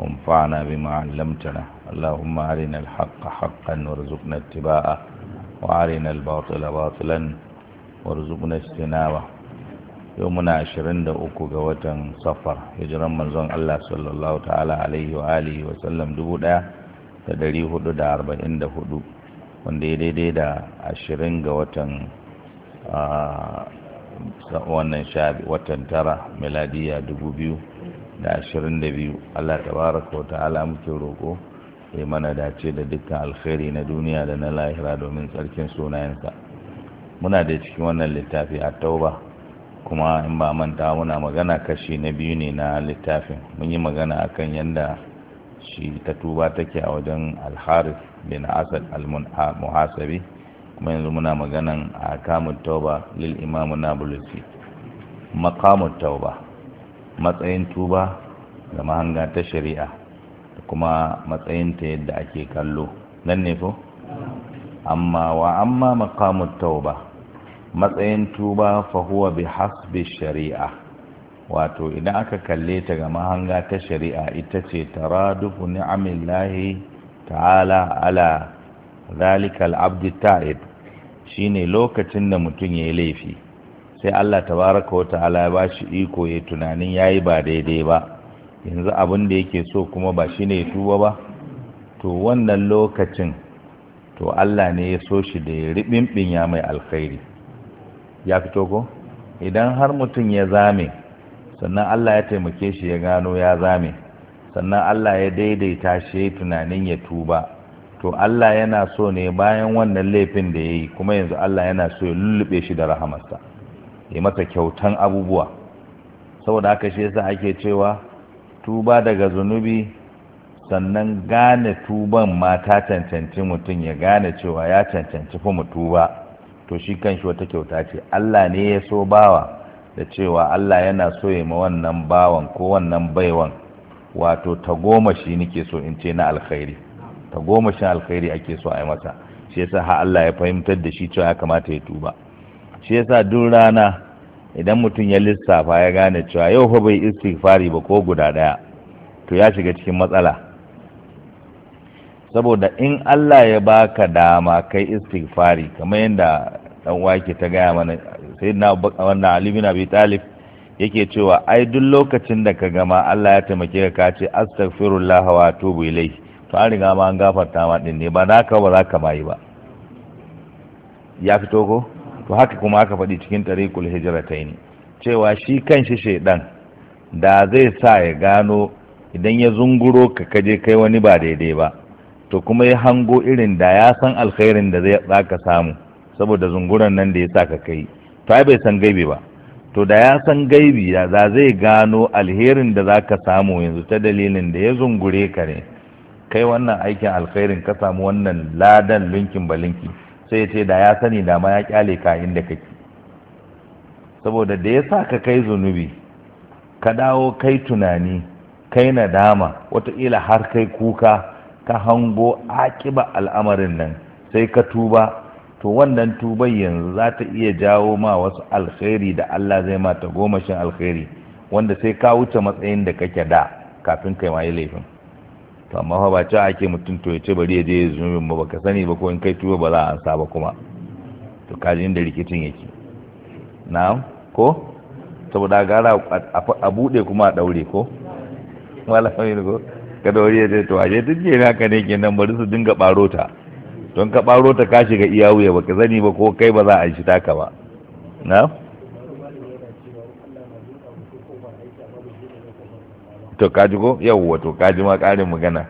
وانفعنا بما علمتنا اللهم أرنا الحق حقا وارزقنا اتباعه وأرنا الباطل باطلا وارزقنا اجتنابه يومنا عشرين دا uku ga watan safar hijiran manzon Allah sallallahu ta'ala alaihi wa alihi wa sallam dubu daya da dari hudu da arba'in da hudu wanda daidai da ashirin ga watan wannan sha tara dubu biyu da ashirin da biyu Allah tabaraka wa ta'ala muke roƙo ya mana dace da dukkan alkhairi na duniya da na lahira domin tsarkin sunayensa muna da cikin wannan littafi a tauba kuma in ba manta muna magana kashi na biyu ne na littafin mun yi magana akan yadda shi ta tuba take a wajen alharis bin asad al-muhasabi kuma yanzu muna maganan a kamun tauba lil imamu nabulusi makamun tauba matsayin tuba ga mahanga ta shari'a da kuma matsayin ta yadda ake kallo nan ne ko amma wa amma maqamut tauba matsayin tuba fa bi hasbi shari'a wato idan aka kalle ta ga mahanga ta shari'a ita ce taradufu ni'amillahi ta'ala ala zalikal abdi Ta'id, shine lokacin da mutum ya yi laifi sai Allah tabaraka wa ta'ala ya shi iko ya tunanin yayi ba daidai ba yanzu abin da yake so kuma ba shi ne ya tuba ba to wannan lokacin to Allah ne ya so shi da ya ribin ya mai alkhairi ya fito ko idan har mutum ya zame sannan Allah ya taimake shi ya gano ya zame sannan Allah ya daidaita shi ya tunanin ya tuba to Allah yana so ne bayan wannan laifin da ya yi kuma yanzu Allah yana so ya lullube shi da rahamarsa ya mata kyautan abubuwa saboda haka shi yasa ake cewa tuba daga zunubi sannan gane tuban ma ta cancanci mutum ya gane cewa ya cancanci fa mu tuba to shi kan shi wata kyauta ce Allah ne ya so bawa da cewa Allah yana so ya ma wannan bawan ko wannan baiwan wato ta goma shi nake so in ce na alkhairi ta goma shi alkhairi ake so a yi masa shi yasa ha Allah ya fahimtar da shi cewa ya kamata ya tuba shi yasa duk rana idan mutum ya lissafa ya gane cewa yau fa bai istighfari ba ko guda daya to ya shiga cikin matsala saboda in Allah ya baka dama kai istighfari kamar yadda dan wake ta gaya mana sai na wannan Ali bin Abi Talib yake cewa ai duk lokacin da ka gama Allah ya taimake ka ka ce astaghfirullah wa atubu ilayhi to an riga ma an gafarta ma din ne ba naka ba za ka mai ba ya fito ko to haka kuma aka faɗi cikin tariqul hijrataini cewa shi kan shi shaiɗan, da zai sa ya gano idan ya zunguro ka kaje kai wani ba daidai ba to kuma ya hango irin da ya san alkhairin da zai ka samu saboda zunguran nan da ya sa ka kai to ai bai san gaibi ba to da ya san gaibi da zai gano alherin da za ka samu yanzu ta dalilin da ya zungure ka ne kai wannan aikin alkhairin ka samu wannan ladan linkin balinki linki sai ya ce da ya sani da ma ya kyale ka inda kake saboda da ya sa ka kai zunubi ka dawo kai tunani kai nadama wataƙila har kai kuka ka hango akiba al'amarin nan sai ka tuba to wannan tuban yanzu za ta iya jawo ma wasu alkhairi da Allah zai mata gomashin alkhairi wanda sai ka wuce matsayin da kake da kafin kai ma yi laifin to amma fa ba cewa ake mutum to ya ce bari ya je ya zunubin ba ka sani ba ko in kai tuba ba za a ansa ba kuma to kaji inda rikicin yake na ko saboda gara a bude kuma a daure ko malamai ko ka daure ya ce to ashe duk je haka ne ke nan bari su dinga baro ta don ka baro ta ka shiga iya wuya ka sani ba ko kai ba za a shi taka ba na to kaji ko yawwa to kaji ma ƙarin magana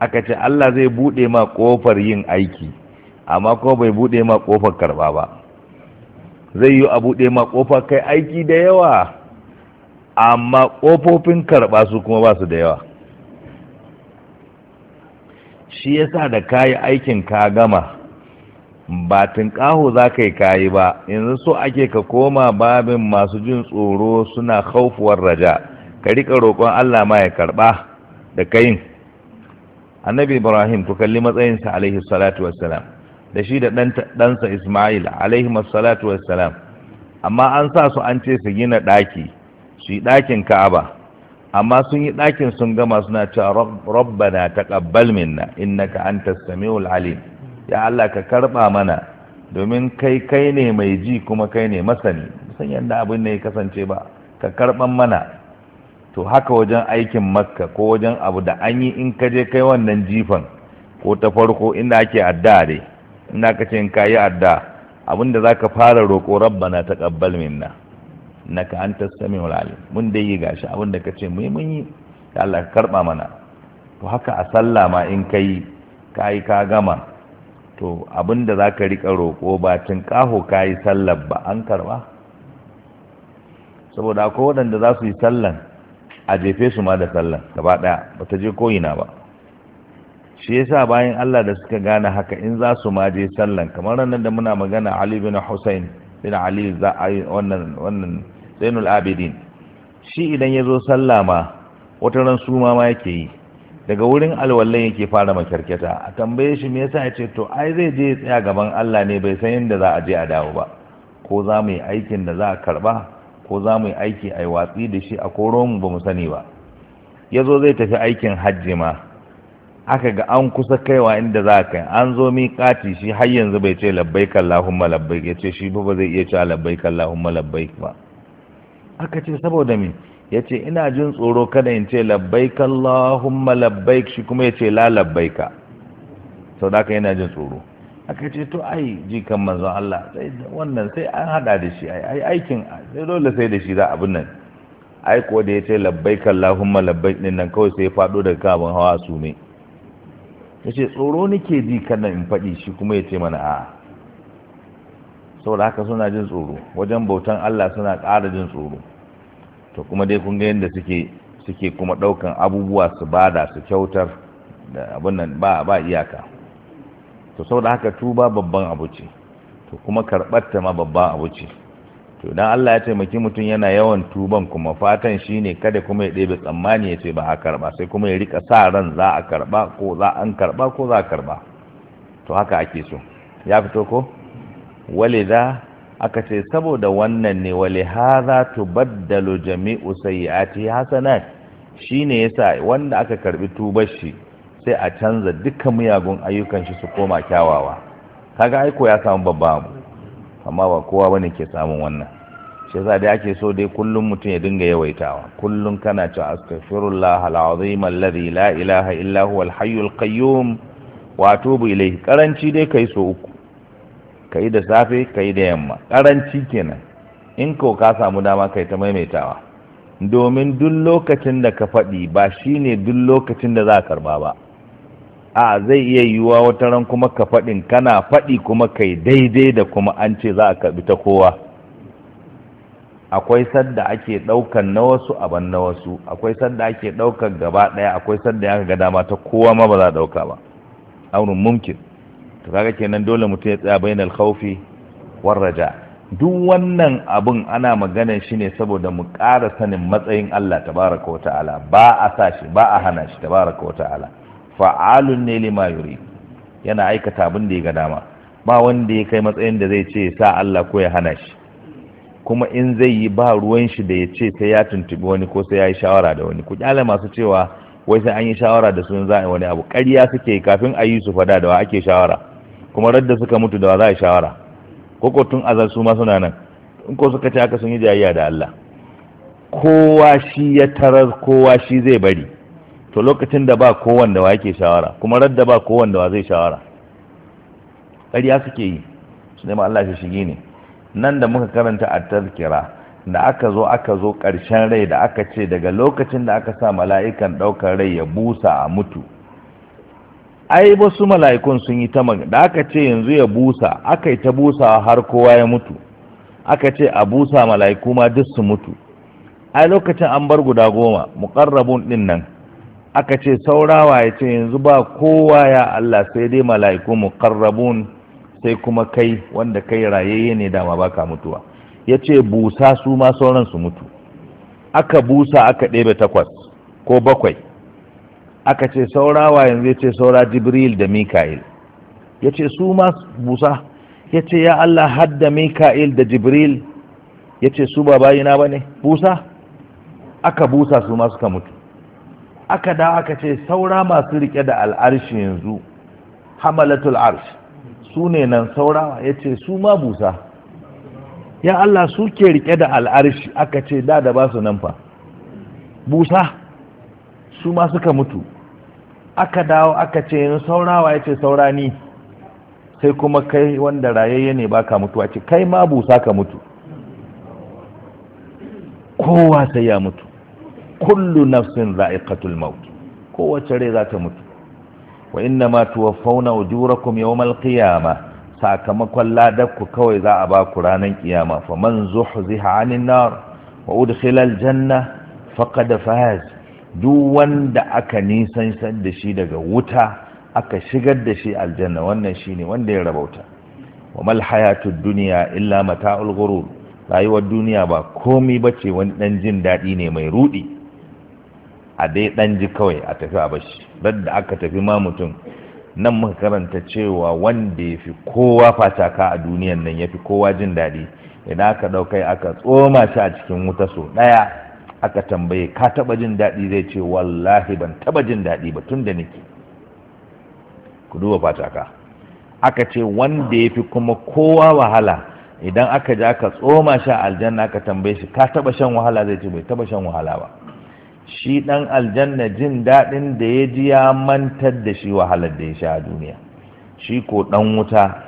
aka ce Allah zai buɗe ma ƙofar yin aiki amma ko bai buɗe ma ƙofar karɓa ba zai yi a buɗe ma ƙofar kai aiki da yawa amma ƙofofin karɓa su kuma ba su da yawa shi yasa da kayi aikin ka gama ba tunƙaho za ka yi kayi ba yanzu so ake ka koma babin masu jin tsoro suna haufuwar raja ka riƙa roƙon Allah ma ya karɓa da kayin annabi ibrahim ku kalli matsayinsa alaihi salatu wassalam da shi da ɗansa ismail alaihi salatu wassalam amma an sa su an ce su gina ɗaki su yi ɗakin ka'aba amma sun yi ɗakin sun gama suna cewa rabbana taqabbal minna innaka antas samiul alim ya Allah ka karba mana domin kai kai ne mai ji kuma kai ne masani san yanda abin ne ya kasance ba ka karban mana to haka wajen aikin makka ko wajen abu da an yi in ka je kai wannan jifan ko ta farko inda ake adda dai inda ka ce in ka yi adda abinda za ka fara roƙo rabbana ta ƙabbal minna na ka an tasami wulali mun dai yi gashi abinda ka ce mai mun yi ka Allah ka karɓa mana to haka a sallah ma in ka yi ka yi ka gama to abinda za ka riƙa roƙo ba tun ƙaho ka yi sallar ba an karɓa saboda akwai waɗanda za su yi sallan a jefe su ma da sallan gaba daya ba ta je ko'ina ba shi yasa bayan Allah da suka gane haka in za su ma je sallan kamar ranar da muna magana Ali bin Hussein bin Ali za a yi wannan Zainul Abidin shi idan ya zo sallah ma wata ran su ma yake yi daga wurin alwallan yake fara makarkata a tambaye shi me yasa ya ce to ai zai je tsaya gaban Allah ne bai san yadda za a je a dawo ba ko za mu yi aikin da za a karba ko za mu yi aiki a watsi da shi a koro ba mu sani ba ya zo zai tafi aikin hajji ma aka ga an kusa kaiwa inda za kai an zo kati shi har yanzu bai ce labbaik Allahumma labbaik ya ce shi ba ba zai iya cewa labbaik Allahumma labbaik ba aka ce saboda me ya ce ina jin tsoro kada in ce labbaik Allahumma labbaik shi kuma ya ce la labbaika sau da yana jin tsoro aka ce to ai jikan manzon Allah sai wannan sai an hada da shi ai aikin sai dole sai da shi za abin nan ai ko da yace labbaik Allahumma labbai, din nan kawai sai ya fado daga kabin hawa su ne yace tsoro nake ji nan in faɗi shi kuma ya ce mana a saboda haka suna jin tsoro wajen bautan Allah suna ƙara jin tsoro to kuma dai kun ga yadda suke suke kuma ɗaukan abubuwa su bada su kyautar da abin nan ba ba iyaka to saboda haka tuba babban abu ce to kuma karɓar ma babban abu ce to dan Allah ya taimaki mutum yana yawan tuban kuma fatan shi ne kada kuma ya ɗebe tsammani ya ce ba a karɓa sai kuma ya rika sa ran za a karɓa ko za an karɓa ko za a karɓa to haka ake so ya fito ko wale za aka ce saboda wannan ne wale tu baddalo jami'u sayyi'ati hasanat shine yasa wanda aka karɓi tubar shi sai a canza dukkan miyagun ayyukan shi su koma kyawawa kaga aiko ya samu babba mu amma ba kowa bane ke samun wannan shi yasa dai ake so dai kullum mutum ya dinga yawaitawa kullum kana cewa astaghfirullah alazim alladhi la ilaha illa huwa alhayyul qayyum wa atubu ilayhi karanci dai kai so uku kai da safe kai da yamma karanci kenan in ko ka samu dama kai ta maimaitawa domin duk lokacin da ka faɗi ba shine duk lokacin da za ka karba ba a zai iya yiwuwa wata ran kuma ka faɗin kana faɗi kuma kai daidai da kuma an ce za a karɓi ta kowa akwai sadda ake ɗaukan na wasu aban na wasu akwai sadda ake ɗaukan gaba ɗaya akwai sadda ya ga dama ta kowa ma ba za a ɗauka ba aurin mumkin to kaga kenan dole mutum ya tsaya bainal alkhawfi war raja duk wannan abun ana maganar shi ne saboda mu ƙara sanin matsayin Allah tabaraka wa ba a sa shi ba a hana shi tabaraka wa fa'alun ne lima yuri yana aikata abin da ya ga dama ba wanda ya kai matsayin da zai ce sa Allah ko ya hana shi kuma in zai yi ba ruwan shi da ya ce sai ya tuntubi wani ko sai ya yi shawara da wani ku kyale masu cewa wai sai an yi shawara da su za a wani abu ƙarya suke kafin a yi su fada da wa ake shawara kuma radda suka mutu da wa za a yi shawara ko tun azal su ma suna nan in ko suka ce haka sun yi jayayya da Allah kowa shi ya tarar kowa shi zai bari to lokacin da ba kowanne wa yake shawara kuma radda ba kowanne wa zai shawara ƙarya suke yi su nema Allah shi shige ne nan da muka karanta a tazkira da aka zo aka zo ƙarshen rai da aka ce daga lokacin da aka sa mala'ikan ɗaukar rai ya busa a mutu ai wasu mala'ikun sun yi ta da aka ce yanzu ya busa aka yi ta busa har kowa ya mutu aka ce a busa mala'iku ma duk su mutu ai lokacin an bar guda goma muƙarrabun ɗin nan aka ce saurawa ya ce yanzu ba kowa ya Allah sai dai mala'iku muqarrabun sai kuma kai wanda kai rayayye ne dama baka mutuwa ya ce busa su ma sauran su mutu aka busa aka ɗebe takwas ko bakwai aka ce saurawa yanzu ya ce saura jibril da mika'il ya ce su ma busa ya ce ya Allah hadda mika'il da jibril ya ce su ba bayina ba ne busa aka busa su ma suka mutu aka da aka ce saura masu rike da al'arshi yanzu hamalatul arsh su ne nan saura ya ce su ma busa ya Allah su ke rike da al'arshi aka ce da da ba su nan fa busa su ma suka mutu aka dawo aka ce yanzu saurawa ya ce saura ni sai kuma kai wanda rayayye ne ba ka mutu a ce kai ma busa ka mutu kowa sai ya mutu kullu nafsin za'iqatul maut kowace rai za ta mutu wa inna ma tuwaffawna ujurakum yawmal qiyamah sakamakon ladakku kawai za a ba ku ranar kiyama fa man zuhziha 'anil nar wa udkhila al-janna faqad faz duk wanda aka nisan da shi daga wuta aka shigar da shi aljanna wannan shine wanda ya rabauta wa mal hayatud dunya illa mata'ul ghurur rayuwar duniya ba komai bace wani dan jin dadi ne mai rudi a dai ɗan ji kawai a tafi a bashi da aka tafi ma mutum nan muka karanta cewa wanda ya fi kowa fataka a duniyan nan ya fi kowa jin daɗi idan aka ɗaukai aka tsoma shi a cikin wuta so ɗaya aka tambaye ka taɓa jin daɗi zai ce wallahi ban taɓa jin daɗi ba tun da nake ku duba fataka aka ce wanda ya fi kuma kowa wahala idan aka ji aka tsoma shi a aljanna aka tambaye shi ka taɓa shan wahala zai ce bai taɓa shan wahala ba shi ɗan aljanna jin daɗin da ya ji ya mantar da shi wahalar da ya sha a duniya shi ko ɗan wuta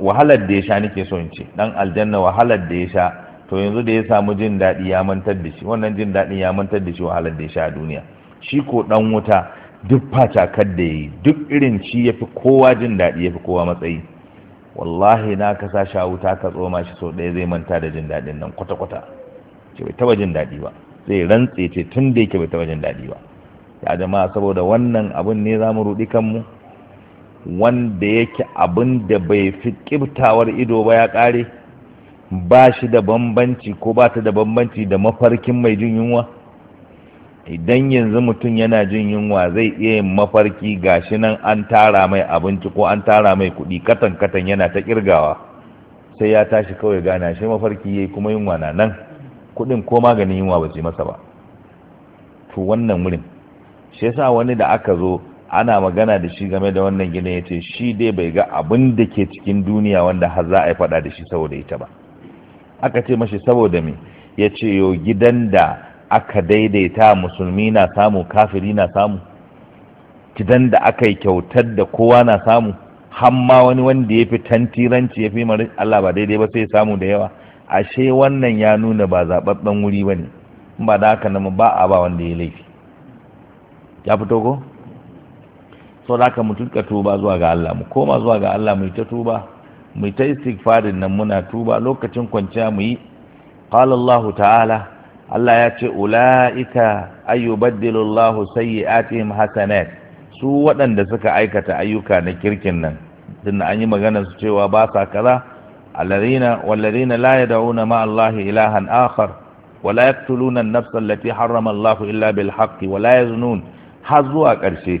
wahalar da ya sha nake so in ce ɗan aljanna wahalar da ya sha to yanzu da ya samu jin daɗi ya mantar da shi wannan jin daɗin ya mantar da shi wahalar da ya sha a duniya shi ko ɗan wuta duk kar da ya yi duk irin ci ya fi kowa jin daɗi ya fi kowa matsayi wallahi na ka sa sha wuta ka tsoma shi sau ɗaya zai manta da jin daɗin nan kwata-kwata ce bai taɓa jin daɗi ba sai rantse ce tun da yake bai taɓa jin daɗi ba ya jama'a saboda wannan abin ne zamu mu ruɗi kanmu wanda yake abin da bai fi ƙibtawar ido ba ya kare ba shi da bambanci ko ba ta da bambanci da mafarkin mai jin yunwa idan yanzu mutum yana jin yunwa zai iya yin mafarki ga shi nan an tara mai abinci ko an tara mai kuɗi katan katan yana ta kirgawa sai ya tashi kawai gana shi mafarki yayi kuma yunwa na nan kudin ko maganin yunwa ba su yi masa ba to wannan wurin shi yasa wani da aka zo ana magana da shi game da wannan gidan ya ce shi dai bai ga abin da ke cikin duniya wanda har za a yi faɗa da shi saboda ita ba aka ce mashi saboda me ya ce yo gidan da aka daidaita musulmi na samu kafiri na samu gidan da aka yi kyautar da kowa na samu hamma wani wanda ya fi tantiranci ya fi Allah ba daidai ba sai samu da yawa ashe wannan ya nuna ba zaɓaɓɓen wuri ba ne ba da haka nan ba a ba wanda ya laifi ya fito ko so da haka mu tuka tuba zuwa ga Allah mu koma zuwa ga Allah mu yi ta tuba mu ta istighfarin nan muna tuba lokacin kwanciya mu yi qala Allah ta'ala Allah ya ce ulaika ayubaddilu Allah sayyi'atihim hasanat su waɗanda suka aikata ayyuka na kirkin nan tunda an yi magana su cewa ba sa kaza alladhina walladhina la yad'una ma'a Allahi ilahan akhar wa la yaqtuluna an-nafsa Allahu illa bil haqqi wa la yaznun har zuwa ƙarshe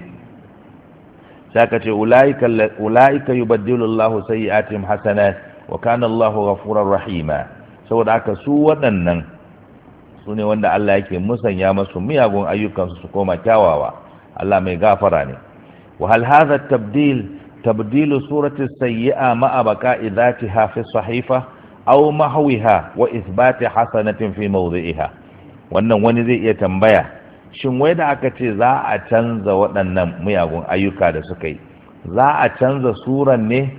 sai ka ce ulaika ulaika yubaddilu Allahu sayyi'atihim wa kana Allahu rahima saboda haka su waɗannan su ne wanda Allah yake musanya masu miyagun ayyukansu su koma kyawawa Allah mai gafara ne wa hal hadha tabdil tabdilu surati sayyi'a ma'a baqa'i dhatiha fi sahifa aw mahwiha wa ithbati hasanatin fi wannan wani zai iya tambaya shin wai da aka ce za a canza waɗannan miyagun ayyuka da suka yi za a canza suran ne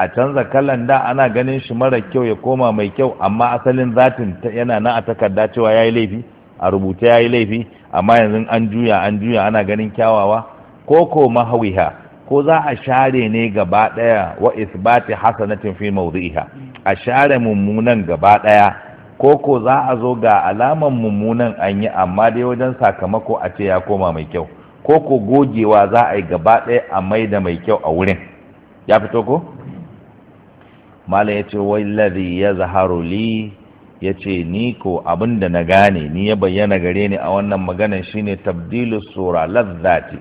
a canza kalan da ana ganin shi mara kyau ya koma mai kyau amma asalin zatin yana nan a takarda cewa ya yi laifi a rubuta ya yi laifi amma yanzu an juya an juya ana ganin kyawawa ko ko mahawiha ko za a share ne gaba daya wa isbati hasanatin fi mawdhiha a share mummunan gaba daya ko ko za a zo ga alaman mummunan an yi amma dai wajen sakamako a ce ya koma mai kyau ko ko gogewa za a yi gaba daya a mai da mai kyau a wurin ya fito ko malam ya ce wai ladhi ya zaharu li ya ce ni ko abin da na gane ni ya bayyana gare ni a wannan maganan shine tabdilu sura lazzati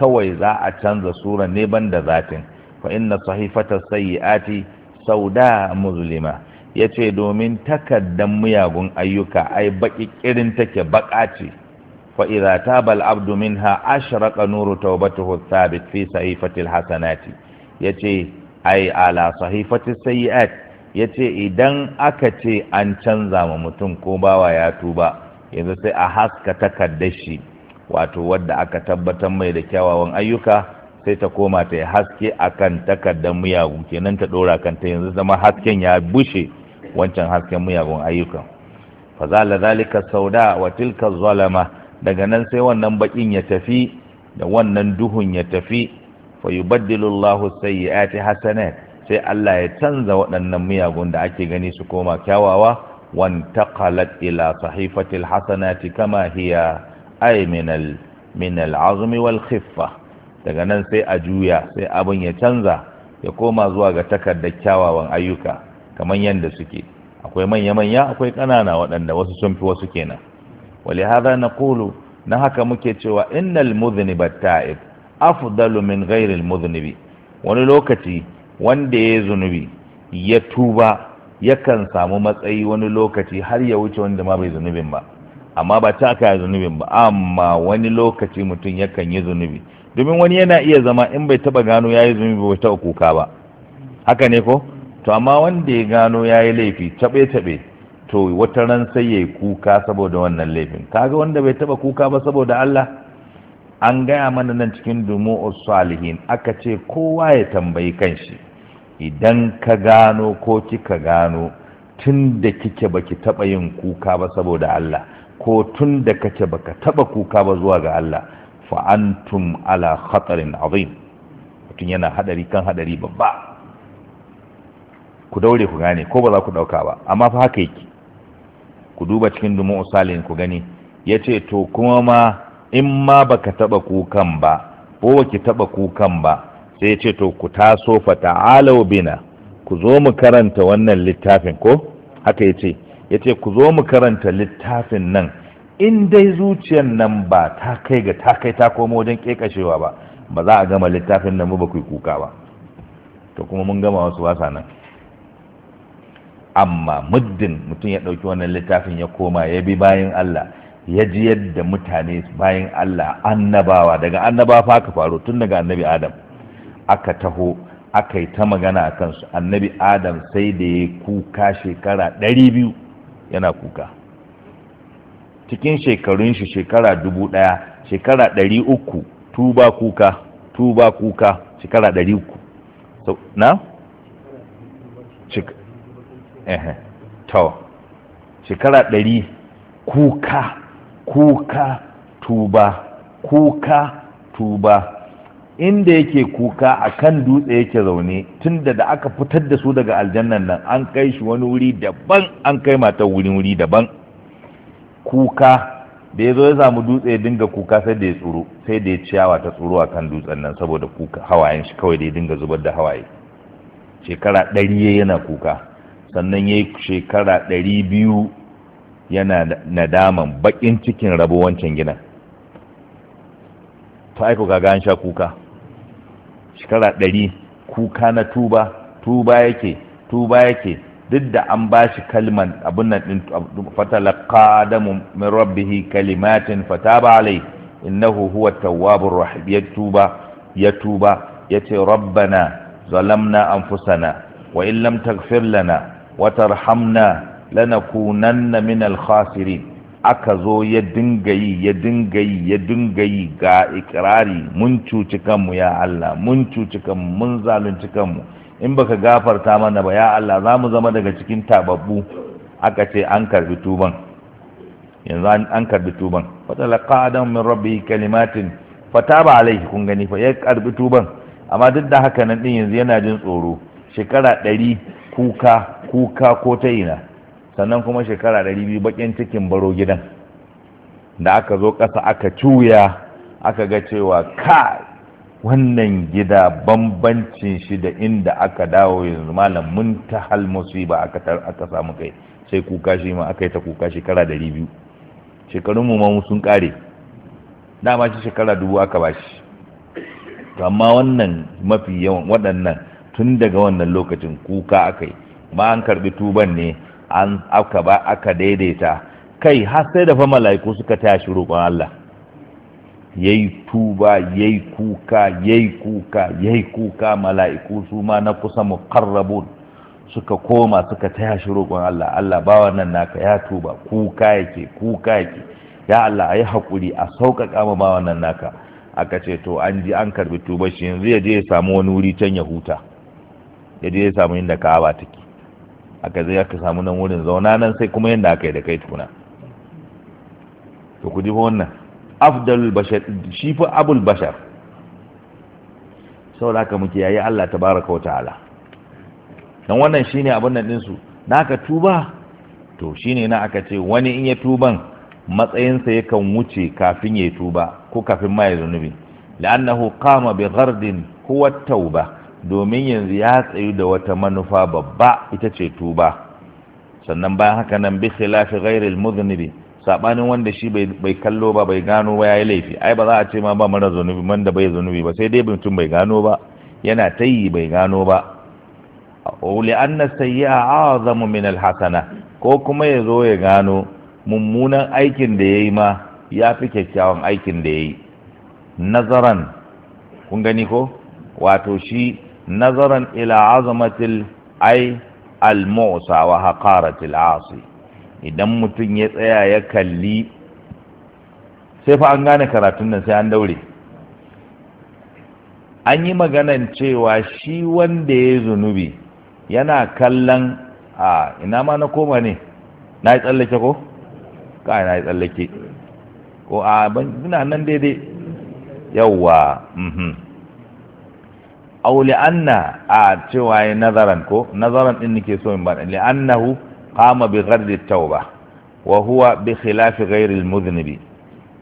kawai za a canza sura ne ban da zafin, fa inna sahifata sayyi'ati sauda muzlima yace domin takaddan miyagun ayyuka ai baki kirin take baka ce fa idza taba al-abdu minha ashraqa nuru tawbatuhu thabit fi sahifati al-hasanati yace ai ala sahifati sayyi'at yace idan aka ce an canza ma mutum ko bawa ya tuba yanzu sai a haska takardar shi wato wadda aka tabbatar mai da kyawawan ayyuka sai ta koma ta yi haske kan takardar miyagu kenan ta dora ta yanzu zama hasken ya bushe wancan hasken miyagun ayyukan fazala zalika sauda wa tilka zalama daga nan sai wannan bakin ya tafi da wannan duhun ya tafi fa yubaddilu Allahu sayyi'ati hasanat sai Allah ya canza waɗannan miyagun da ake gani su koma kyawawa taqalat ila sahifatil hasanati kama hiya ay minal minal azmi wal khiffa daga nan sai a juya sai abin ya canza ya koma zuwa ga takardar kyawawan ayyuka kamar yadda suke akwai manya-manya akwai ƙanana waɗanda wasu sun fi wasu kenan wali hada na kulu na haka muke cewa innal muzniba ta'ib afdalu min ghairil muznibi wani lokaci wanda ya zunubi ya tuba yakan samu matsayi wani lokaci har ya wuce wanda ma bai zunubin ba amma ba ta aka zunubin ba amma wani lokaci mutum yakan yi zunubi domin wani yana iya zama in bai taba gano ya yi zunubi bai taɓa kuka ba haka ne ko to amma wanda ya gano ya yi laifi taɓe-taɓe to wata ran sai ya yi kuka saboda wannan laifin kaga wanda bai taba kuka ba saboda Allah an gaya mana nan cikin dumo salihin aka ce kowa ya tambayi kanshi idan ka gano ko kika gano tun da kike baki taɓa yin kuka ba saboda Allah ko tun da kake baka taba kuka ba zuwa ga Allah fa antum ala khatarin azim yana hadari kan hadari babba ku daure ku gane ko ba za ku dauka ba amma fa haka yake ku duba cikin dumu usalin ku gani yace to kuma ma in ma baka taba kukan ba ko baki taba kukan ba sai yace to ku taso fa ta'alu bina ku zo mu karanta wannan littafin ko haka yace ya ce ku zo mu karanta littafin nan in dai zuciyar nan ba ta kai ga ta kai ta komo wajen kekashewa ba ba za a gama littafin nan ba ku yi kuka ba to kuma mun gama wasu wasa nan amma muddin mutum ya ɗauki wannan littafin ya koma ya bi bayan Allah ya ji yadda mutane bayan Allah annabawa daga annaba fa aka faru tun daga annabi Adam aka taho aka yi ta magana a kansu annabi Adam sai da ya kuka shekara ɗari biyu yana kuka cikin shekarun shi shekara dubu ɗaya shekara ɗari uku tuba kuka tuba kuka shekara ɗari uku so, na? shekara ɗari kuka kuka tuba kuka tuba inda yake kuka a kan dutse yake zaune tun da da aka fitar da su daga aljannan nan an kai shi wani wuri daban an kai mata wurin wuri daban kuka da ya zo ya samu dutse ya dinga kuka sai da ya tsoro sai da ya ciyawa ta tsoro a kan dutsen nan saboda kuka hawayen shi kawai da ya dinga zubar da hawaye shekara ɗari yana kuka sannan ya yi shekara ɗari biyu yana nadaman baƙin cikin rabo wancan gidan ta aiko ga an sha kuka shekara ɗari kuka na tuba tuba yake tuba yake duk da an ba shi kalman abin nan din fatalaka adamu min rabbihi kalimatin fataba alai innahu huwa tawwabur rahim ya tuba ya tuba yace rabbana zalamna anfusana wa in lam taghfir lana wa tarhamna lanakunanna minal khasirin aka zo ya dinga yi ya dinga yi ya dinga yi ga ikirari mun cuci kanmu ya Allah mun cuci kanmu mun zalunci kanmu in baka gafarta mana ba ya Allah za mu zama daga cikin tababbu aka ce an karbi tuban yanzu an karbi tuban fatala qadam min rabbi kalimatin fataba alaihi kun gani fa ya karbi tuban amma duk da haka nan din yanzu yana jin tsoro shekara ɗari kuka kuka ko ta ina sannan kuma shekara ɗari biyu bakin cikin baro gidan da aka zo ƙasa aka cuya aka ga cewa ka wannan gida bambancin shi da inda aka dawo yanzu malam mun ta hal musiba aka samu kai sai kuka shi ma aka yi ta kuka shekara ɗari biyu shekarun mu ma sun ƙare dama shi shekara dubu aka bashi to amma wannan mafi yawan waɗannan tun daga wannan lokacin kuka aka yi ma an karɓi tuban ne an aka ba aka daidaita kai har sai da fa mala'iku suka shi roƙon Allah yayi tuba yayi kuka yayi kuka yayi kuka mala'iku su ma na kusa muqarrabun suka koma suka taya shi roƙon Allah Allah ba wannan naka ya tuba kuka yake kuka yake ya Allah ayi hakuri a sauƙaƙa ma ba wannan naka aka ce to an ji an karbi tuba shi yanzu ya je ya samu wani wuri can ya huta ya je ya samu inda ka'aba take aka je aka samu nan wurin zauna nan sai kuma yadda aka yi da kai tukuna to ku ji wannan afdalul bashar shi fi abul bashar Sau da aka muke yayi Allah ta baraka wa ta'ala Don wannan shine abin nan ɗinsu na aka tuba to shine na aka ce wani in ya tuban matsayinsa yakan wuce kafin ya tuba ko kafin ma ya zunubi la'annahu qama bai ghardin huwa tauba domin yanzu ya tsayu da wata manufa babba ita ce tuba sannan bayan haka nan bi khilafi ghairil mudhnibi sabanin wanda shi bai kallo ba bai gano ba yayi laifi ai ba za a ce ma ba mara zunubi man da bai zunubi ba sai dai mutum bai gano ba yana tayi bai gano ba awli anna sayyi'a azamu min alhasana ko kuma ya zo ya gano mummunan aikin da yayi ma ya fi kyakkyawan aikin da yayi nazaran kun gani ko wato shi nazaran ila azamatil ai al-mu'sa wa idan mutum ya tsaya ya kalli sai fa an gane karatun nan sai an daure an yi maganan cewa shi wanda ya zunubi yana kallon a ina ma na koma ne na yi tsallake ko? ka na yi tsallake ko a ban nan daidai yawwa mhm Auli li anna a cewa ya nazaran ko nazaran din nake so in ba li annahu qama bi ghardi tauba wa huwa bi khilafi ghairi al-mudhnibi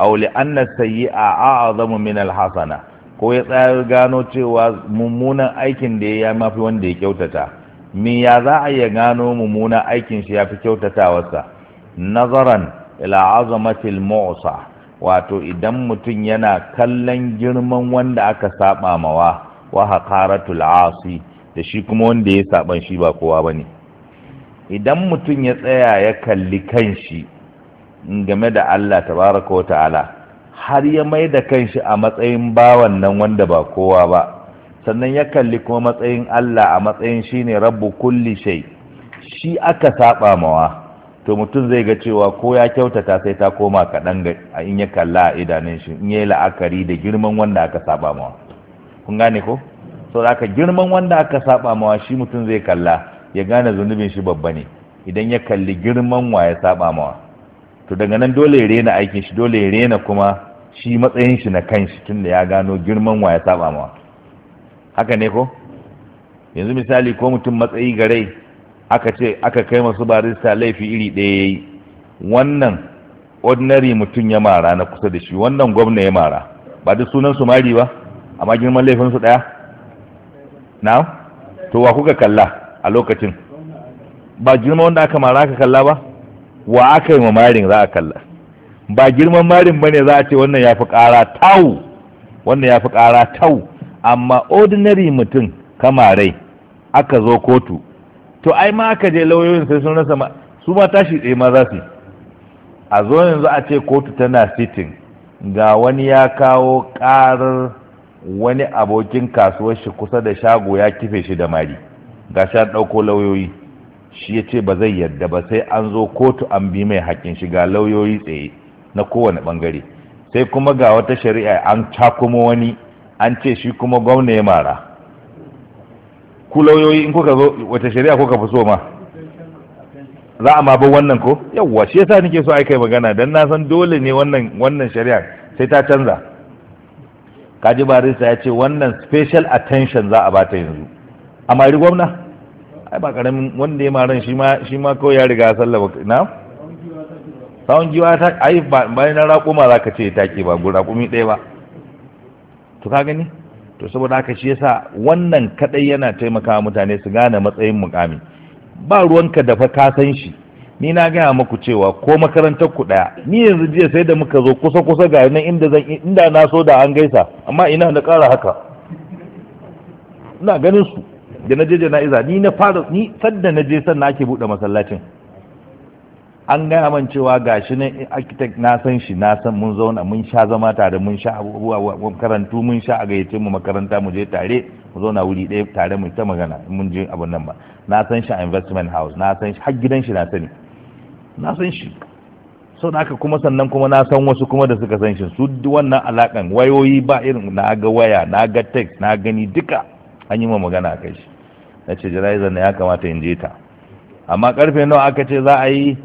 aw li anna sayyi'a a'zamu min al-hasana ko ya tsaya gano cewa mummunan aikin da ya mafi wanda ya kyautata me ya za a iya gano mummunan aikin shi ya fi kyautatawarsa nazaran ila azamatil mu'sa wato idan mutum yana kallon girman wanda aka saba mawa wa haqaratul asi da shi kuma wanda ya saban shi ba kowa bane idan mutum ya tsaya ya kalli kanshi game da Allah tabaraka wa ta'ala har ya mai da kanshi a matsayin bawan nan wanda ba kowa ba sannan ya kalli kuma matsayin Allah a matsayin shine rabbu kulli shay shi aka saba mawa to mutum zai ga cewa ko ya kyautata sai ta koma kaɗan in ya kalla a idanun shi in ya yi la'akari da girman wanda aka saba mawa kun gane ko so da girman wanda aka saba mawa shi mutum zai kalla ya gane zunubin shi babba ne idan ya kalli girman wa ya saba mawa to daga nan dole ya rena aikin shi dole ya rena kuma shi matsayin shi na kanshi tunda ya gano girman wa ya saba mawa haka ne ko yanzu misali ko mutum matsayi ga rai aka ce aka kai masu barista laifi iri ɗaya yayi wannan ordinary mutum ya mara na kusa da shi wannan gwamna ya mara ba duk sunan su mari ba amma girman laifin su daya na to wa kuka kalla a lokacin ba girman wanda aka mara aka kalla ba wa aka yi marin za a kalla ba girman marin ba ne za a ce wannan ya fi ƙara tau wannan ya fi ƙara tau amma ordinary mutum kamarai aka zo kotu to ai ma aka je lauyoyin sai sun rasa su ma tashi tsaye ma za su a zo yanzu a ce kotu tana sitting ga wani ya kawo ƙarar wani abokin kasuwar shi kusa da shago ya kife shi da mari ga sha ɗauko lauyoyi shi ya ce ba zai yarda ba sai an zo kotu an bi mai haƙƙin shi ga lauyoyi tsaye na kowane ɓangare sai kuma ga wata shari'a an cakumo wani an ce shi kuma gwamna ya mara ku lauyoyi in kuka zo wata shari'a kuka fi so ma za a ma bi wannan ko yawwa shi yasa nake so ai kai magana dan na san dole ne wannan wannan shari'a sai ta canza kaji barista ya ce wannan special attention za a bata yanzu a mari gwamna ai ba karamin wanda ya maran shi ma shi ma kawai ya riga sallama na sawon giwa ta ai bayan na raƙuma za ka ce ta ke ba gura raƙumi ɗaya ba to ka gani to saboda haka shi yasa wannan kaɗai yana taimakawa mutane su gane matsayin mukami ba ruwanka da fa ka san shi ni na gaya muku cewa ko makarantar ku daya ni yanzu jiya sai da muka zo kusa kusa ga nan inda zan inda na so da an gaisa amma ina na ƙara haka ina ganin su da na je jana'iza ni na fara ni sadda na je sannan ake buɗe masallacin an gaya man cewa ga shi nan architect na san shi na san mun zauna mun sha zama tare mun sha abubuwa karantu mun sha a gayyace mu makaranta mu je tare mu zauna wuri ɗaya tare mu ta magana mun je abun nan ba na san shi a investment house na san shi har gidan shi na sani na san shi sau da aka kuma sannan kuma na san wasu kuma da suka san shi su wannan alakan wayoyi ba irin na ga waya na ga text na gani duka an yi ma magana kai shi na ce jana'izar na ya kamata in je ta amma karfe nawa aka ce za a yi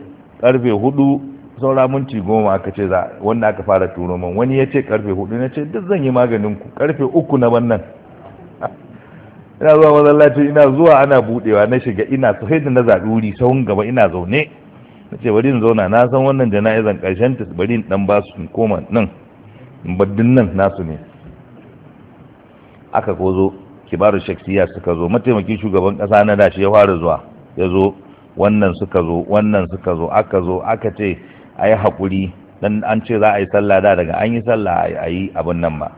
karfe hudu saura minti goma aka ce za wanda aka fara turo man wani ya ce karfe hudu na ce duk zan yi maganin ku karfe uku na wannan ina zuwa mazallaci ina zuwa ana budewa na shiga ina sai da na zaɓi wuri sahun gaba ina zaune na ce bari in zauna na san wannan jana'izan karshen ta bari in dan ba su koma nan baddin nan nasu ne aka ko zo kibaru shaksiya suka zo mataimakin shugaban kasa na da shi ya fara zuwa ya zo wannan suka zo wannan suka zo aka zo aka ce a yi haƙuri dan an ce za a yi sallah da daga an yi sallah a yi abin nan ba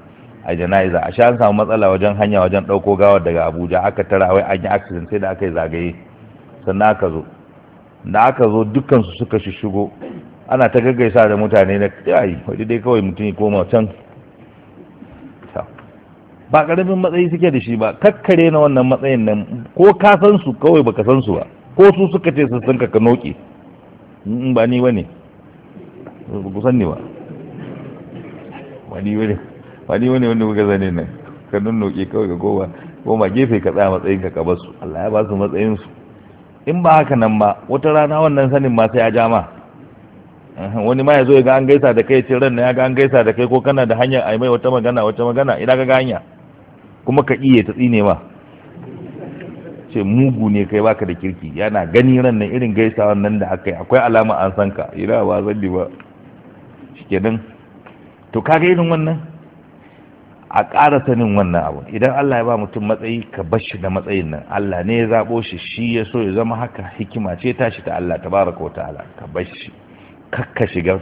a jana'iza a sha samu matsala wajen hanya wajen ɗauko gawar daga abuja aka tara wai an yi accident sai da aka yi zagaye sannan aka zo da aka zo dukansu suka shishigo ana ta gaggaisa da mutane na yayi wadda dai kawai mutum ya koma can ba karamin matsayi suke da shi ba kakkare na wannan matsayin nan ko ka san su kawai baka san su ba ko su suka ce su san ka noke in mm, ba ni bane ba ku san ni ba ba ni bane wanda kuka zane nan ka noke kawai ka koma goma gefe ka tsaya matsayin ka ka basu Allah ya ba su matsayin su in ba haka nan ba wata rana wannan sanin ma sai ya ja ma wani ma ya zo ga an gaisa da kai ce ran ya ga an gaisa da kai ko kana da hanyar a mai wata magana wata magana idan ga hanya kuma ka iya ta tsine ma ce mugu ne kai baka da kirki yana gani ran irin gaisa nan da aka yi akwai alama an san ka ina ba zan ba kenan to kaga irin wannan a ƙara sanin wannan abu idan Allah ya ba mutum matsayi ka bar shi da matsayin nan Allah ne ya zabo shi shi ya so ya zama haka hikima ce tashi ta Allah tabaraka wa ta'ala ka bar shi kakka shiga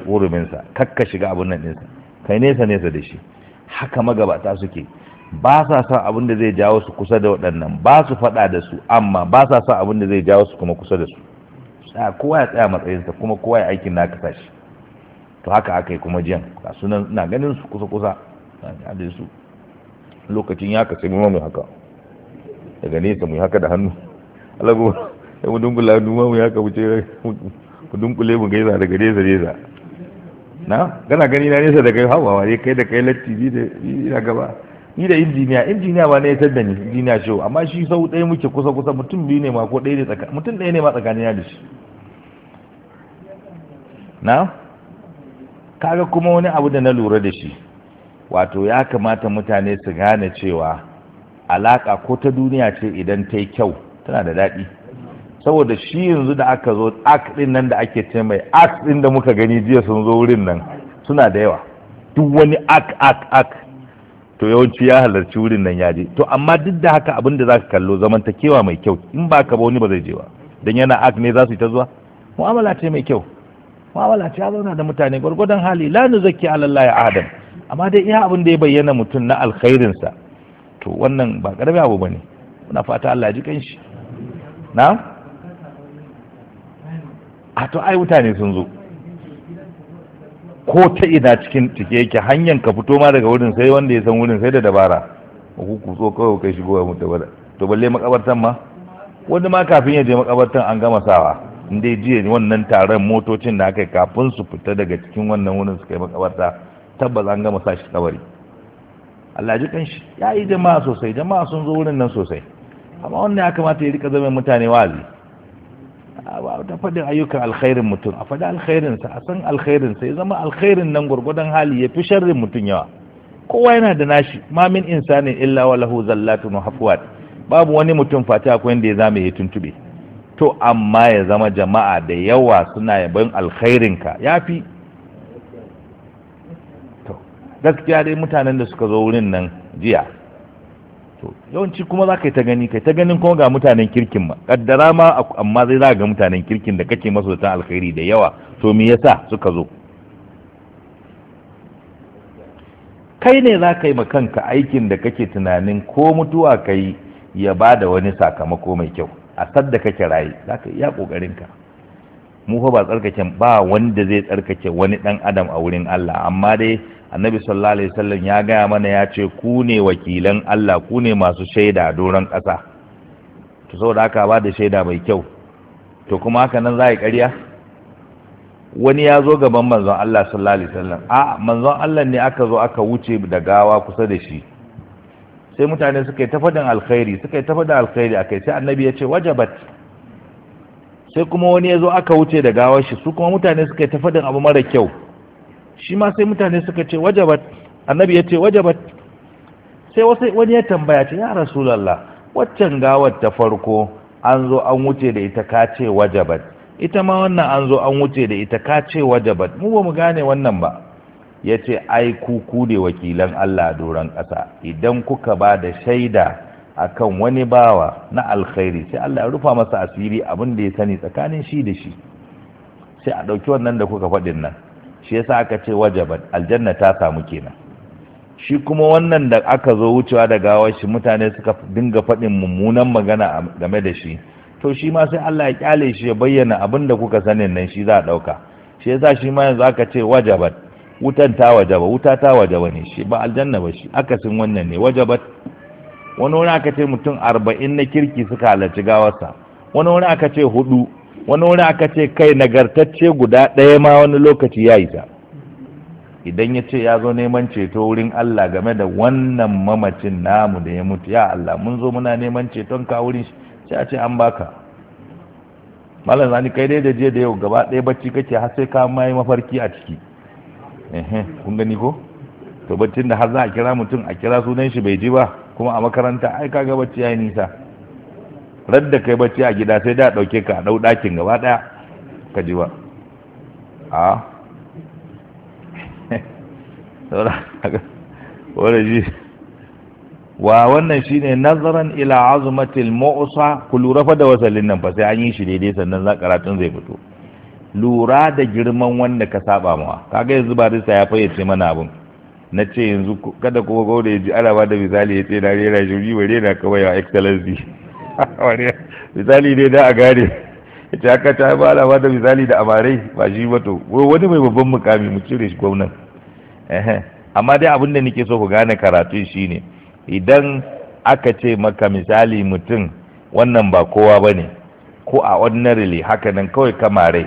sa kakka shiga abun nan ɗinsa kai nesa nesa da shi haka magabata suke ba sa son abin da zai jawo su kusa da waɗannan ba su faɗa da su amma ba sa son abin da zai jawo su kuma kusa da su kowa ya tsaya matsayinsa kuma kowa ya aikin naka sashi to haka aka kuma jiyan ga sunan ina ganin su kusa kusa su lokacin ya ka sai mu mu haka daga nesa mu haka da hannu alago sai mu dunkula hannu mu haka mu ce mu dunkule mu gaisa daga nesa nesa na kana gani na nesa daga hawa ne kai da kai latti bi da bi da gaba ni da injiniya injiniya ba ne ya tabbani injiniya show amma shi sau ɗaya muke kusa kusa mutum biyu ne ma ko ɗaya ne tsaka mutum ɗaya ne ma tsakanin da shi na kaga kuma wani abu da na lura da shi wato ya kamata mutane su gane cewa alaka ko ta duniya ce idan ta yi kyau tana da daɗi saboda shi yanzu da aka zo ak ɗin nan da ake ce mai ak ɗin da muka gani jiya sun zo wurin nan suna da yawa duk wani ak ak ak to yawanci ya halarci wurin nan ya je to amma duk da haka abin da za ka kallo zamantakewa mai kyau in ba ka ba wani ba zai je ba don yana ak ne za su yi ta zuwa mu'amala ce mai kyau mu'amala ce ya zauna da mutane gwargwadon hali la zaki ala ya adam amma dai iya abin da ya bayyana mutum na alkhairinsa to wannan ba karami abu ba ne muna fata Allah ji kan shi na? a to ai mutane sun zo ko ta ina cikin cike yake hanyar ka fito ma daga wurin sai wanda ya san wurin sai da dabara ku kutso kawai kai shigo ya mutu to balle makabartan ma wani ma kafin ya je makabartan an gama sawa inda ya je wannan taron motocin da aka kafin su fita daga cikin wannan wurin su kai makabarta tabbas an gama sashi kabari Allah ji kanshi ya yi jama'a sosai jama'a sun zo wurin nan sosai amma wannan ya kamata ya rika zama mutane wazi ba ta faɗin ayyukan alkhairin mutum a faɗi alkhairin sa a san alkhairin sa ya zama alkhairin nan gwargwadon hali ya fi sharrin mutum yawa kowa yana da nashi ma min insani illa wa lahu zallatun hafwat babu wani mutum fati akwai wanda ya zama ya tuntube to amma ya zama jama'a da yawa suna yabon alkhairinka ka yafi gaskiya dai mutanen da suka zo wurin nan jiya to yawanci kuma za ka yi ta gani kai ta ganin kuma ga mutanen kirkin ma kaddara ma amma zai za ga mutanen kirkin da kake masu zaton alkhairi da yawa to me yasa suka zo kai ne za ka yi ma kanka aikin da kake tunanin ko mutuwa ka ya ba da wani sakamako mai kyau a sadda kake raye za ka iya ka mu fa ba tsarkake ba wanda zai tsarkake wani dan adam a wurin Allah amma dai annabi sallallahu alaihi wasallam ya gaya mana ya ce ku ne wakilan Allah ku ne masu shaida doron ƙasa to saboda haka ba da shaida mai kyau to kuma haka nan za ƙarya wani ya zo gaban manzon Allah sallallahu alaihi wasallam a manzon Allah ne aka zo aka wuce da gawa kusa da shi sai mutane suka yi tafadin faɗin alkhairi suka yi tafadin alkhairi akai sai annabi ya ce wajabat sai kuma wani ya zo aka wuce da gawar shi su kuma mutane suka yi ta faɗin abu mara kyau shi ma sai mutane suka ce wajabat annabi ya ce wajabat sai wasu wani ya tambaya ce ya rasulallah waccan gawar ta farko an zo an wuce da ita ka ce wajabat ita ma wannan an zo an wuce da ita ka ce wajabat mu ba mu gane wannan ba ya ce ai ku ku ne wakilan Allah a doron ƙasa idan kuka ba da shaida akan wani bawa na alkhairi sai Allah ya rufa masa asiri abin da ya sani tsakanin shi da shi sai a ɗauki wannan da kuka faɗin nan shi yasa aka ce wajaban aljanna ta samu kenan shi kuma wannan da aka zo wucewa da gawar shi mutane suka dinga faɗin mummunan magana game da shi to shi ma sai Allah ya kyale shi ya bayyana abin da kuka sanin nan shi za a ɗauka shi yasa shi ma yanzu aka ce wajaban wutan ta wajaba wuta ta wajaba ne shi ba aljanna ba shi akasin wannan ne wajabat wani wani aka ce mutum arba'in na kirki suka halarci gawarsa wani wani aka ce hudu wani wani aka ce kai nagartacce guda ɗaya ma wani lokaci ya isa idan ya ce ya zo neman ceto wurin Allah game da wannan mamacin namu da ya mutu ya Allah mun zo muna neman ceton ka wurin shi sai a ce an baka malam zani kai dai da je da yau gaba ɗaya bacci kake har sai ka mai mafarki a ciki kun gani ko to baccin da har za a kira mutum a kira sunan shi bai ji ba kuma a makaranta ai kaga bacci yayi nisa radda kai bacci a gida sai da dauke ka dau dakin gaba daya ka ji ba a wala ji wa wannan shine nazaran ila azmatil mu'sa ku lura da wasalin nan fa sai an yi shi daidai sannan za karatun zai fito lura da girman wanda ka saba mawa kaga yanzu ba ya fayyace mana abin na ce yanzu kada kuma gauda ya ji alama da misali ya ce na rera shuri wa rera kawai wa excellency misali ne da a gane ya ce aka ta ba alama da misali da amarai ba shi wato wani mai babban mukami mu cire shi gwamnan amma dai abin da nake so ku gane karatu shine idan aka ce maka misali mutum wannan ba kowa ba ne ko a ordinarily haka nan kawai kamarai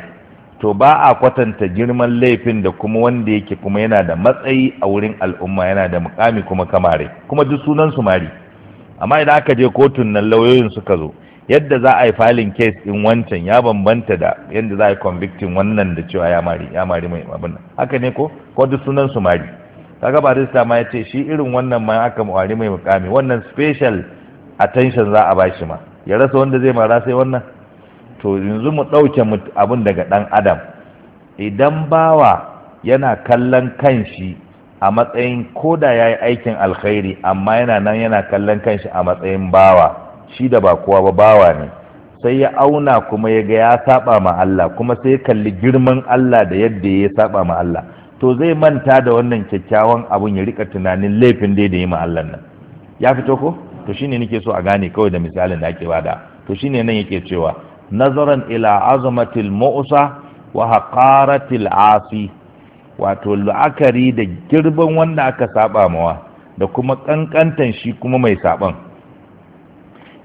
to ba a kwatanta girman laifin da kuma wanda yake kuma yana da matsayi a wurin al'umma yana da mukami kuma kamare kuma duk sunan su mari amma idan aka je kotun nan lauyoyin suka zo yadda za a yi filin case din wancan ya bambanta da yadda za a yi convicting wannan da cewa ya mari ya mari mai abin nan haka ne ko ko duk sunan su mari kaga barista ma ya ce shi irin wannan ma aka mawari mai mukami wannan special attention za a bashi ma ya rasa wanda zai mara sai wannan to yanzu mu ɗauke abin daga ɗan adam idan bawa yana kallon kanshi a matsayin koda ya yi aikin alkhairi amma yana nan yana kallon kanshi a matsayin bawa shi da ba kowa ba bawa ne sai ya auna kuma ya ga ya saba ma Allah kuma sai ya kalli girman Allah da yadda ya saba ma Allah to zai manta da wannan kyakkyawan abun ya rika tunanin laifin da ya yi ma Allah nan ya fito ko to shine nake so a gane kawai da misalin da ake bada to shine nan yake cewa nazaran ila azamatil mu'sa wa haqaratil wato la'akari da girban wanda aka saba mawa da kuma kankantan shi kuma mai saban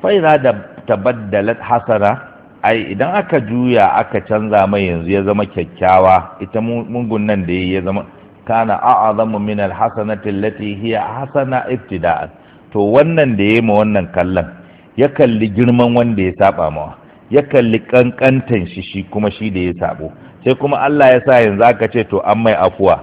fa'iza da tabaddalat hasana ai idan aka juya aka canza mai yanzu ya zama kyakkyawa ita mungun nan da ya zama kana a'azamu min alhasanati allati hiya hasana ibtida'an to wannan da yayi ma wannan kallon ya kalli girman wanda ya saba mawa ya kalli kankantan shi shi kuma shi da ya sabo sai kuma Allah ya sa yanzu aka ce to an mai afuwa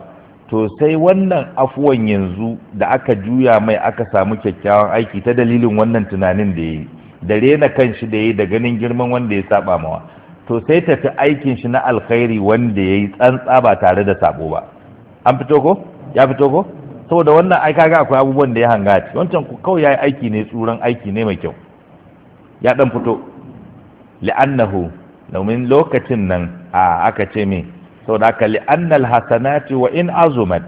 to sai wannan afuwan yanzu da aka juya mai aka samu kyakkyawan aiki ta dalilin wannan tunanin da ya yi da rena kan shi da ya yi da ganin girman wanda ya saba mawa to sai tafi aikin shi na alkhairi wanda ya yi tsantsa ba tare da sabo ba an fito ko ya fito ko saboda wannan ai kaga akwai abubuwan da ya hanga wancan kawai ya yi aiki ne tsuran aiki ne mai kyau ya dan fito li'annahu domin lokacin nan a aka ce sau da aka li'annal hasanati wa in azumat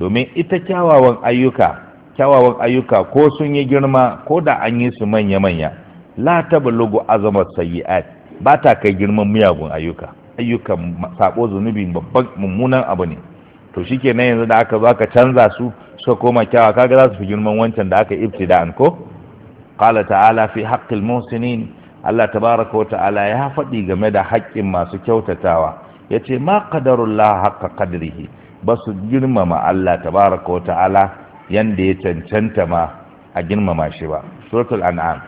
domin ita kyawawan ayyuka kyawawan ayyuka ko sun yi girma ko da an yi su manya manya la tablugu azamat sayi'at ba ta kai girman miyagun ayyuka ayyukan sako zunubi babban mummunan abu ne to shi na yanzu da aka zo aka canza su suka koma kyawa kaga za su fi girman wancan da aka ibtida'an ko qala ta'ala fi haqqil muhsinin Allah tabaraka wa ta'ala ya faɗi game da haƙƙin masu kyautatawa Ya ce ma qadarullah haqqa Ba su girmama Allah tabaraka wa ta'ala yadda ya cancanta ma a girmama shi ba suratul an'am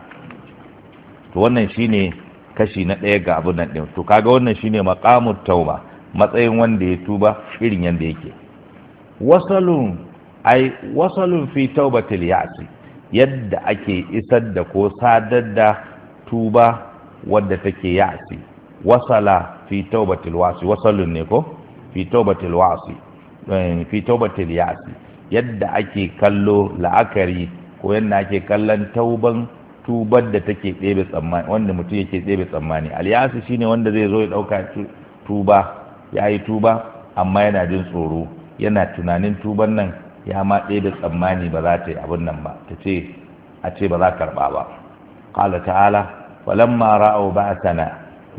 to wannan shine kashi na ɗaya ga abun nan ɗin. to kaga wannan shine maqamut tauba matsayin wanda ya tuba irin yanda yake wasalun ai wasalun fi taubatil ya'si yadda ake isar da ko sadar da tuba wadda take ya'si wasala fi taubatil wasi wasalun ne ko fi taubatil wasi eh, fi taubatil ya'si yadda ake kallo la'akari ko yadda ake kallon tauban tubar da take ɗebe tsammani wanda mutum yake ɗebe tsammani aliyasi shine wanda zai zo ya ɗauka tuba ya yi tuba amma yana jin tsoro yana tunanin tuban nan ya ma ɗebe tsammani ba za ta yi abin nan ba ta ce a ce ba za karɓa ba qala ta'ala falamma ra'aw ba'sana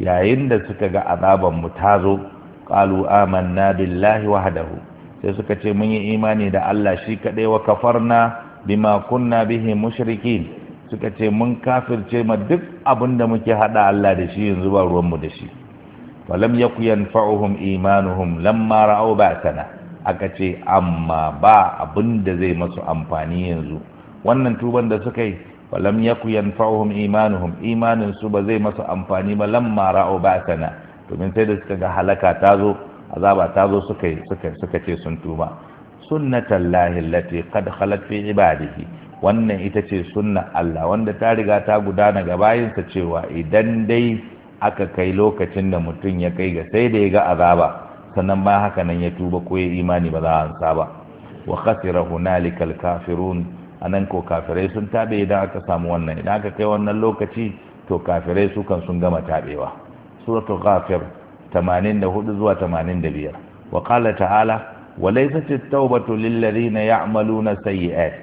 yayin da suka ga azaban mu tazo qalu amanna billahi wahdahu sai suka ce mun yi imani da Allah shi kadai wa kafarna bima kunna bihi mushrikin suka ce mun kafirce ma duk abin da muke hada Allah da shi yanzu ba mu da shi walam yaku yanfa'uhum imanuhum lamma ra'aw ba'sana aka ce amma ba abin zai masu amfani yanzu wannan tuban da suka yi falam yaku yanfa'uhum imanuhum imanin su ba zai masa amfani ba lamma ra'u ba'sana domin sai da suka ga halaka ta zo azaba ta zo suka suka suka ce sun tuba sunnatal lahi allati qad khalat fi ibadihi wannan ita ce sunna Allah wanda ta riga ta gudana ga bayinsa cewa idan dai aka kai lokacin da mutum ya kai ga sai da ya ga azaba sannan ma haka nan ya tuba ko ya imani ba za a ansa ba wa khasira hunalikal kafirun a nan ko kafirai sun taɓe idan aka samu wannan idan aka kai wannan lokaci to kafirai su kan sun gama taɓewa suratu ghafir 84 zuwa 85 wa qala ta'ala wa laysat at-taubatu lil ladina ya'maluna sayyi'at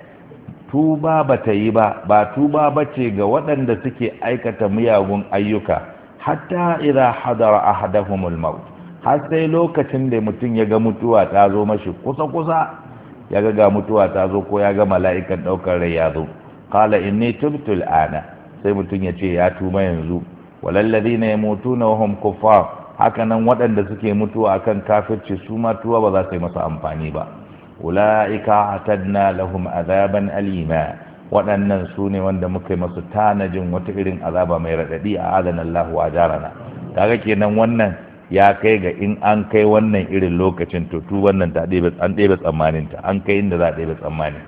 tuba ta yi ba ba tuba bace ga waɗanda suke aikata miyagun ayyuka hatta idza hadara ahaduhumul maut har sai lokacin da mutum ya ga mutuwa ta zo mashi kusa kusa ya ga ga mutuwa ta zo ko ya ga mala'ikan ɗaukar rai ya zo qala inni tubtu ana sai mutum ya ce ya tuma yanzu walal ladina yamutuna wa hum kuffar haka nan waɗanda suke mutuwa akan kafirci su ma tuwa ba za su yi masa amfani ba ulaika atadna lahum azaban alima waɗannan su ne wanda muka yi masu tanajin wata irin azaba mai raɗaɗi a adana Allah wa jarana kaga kenan wannan ya kai ga in an kai wannan irin lokacin to tu wannan ta an ɗebe tsammanin ta an kai inda za a ɗebe tsammani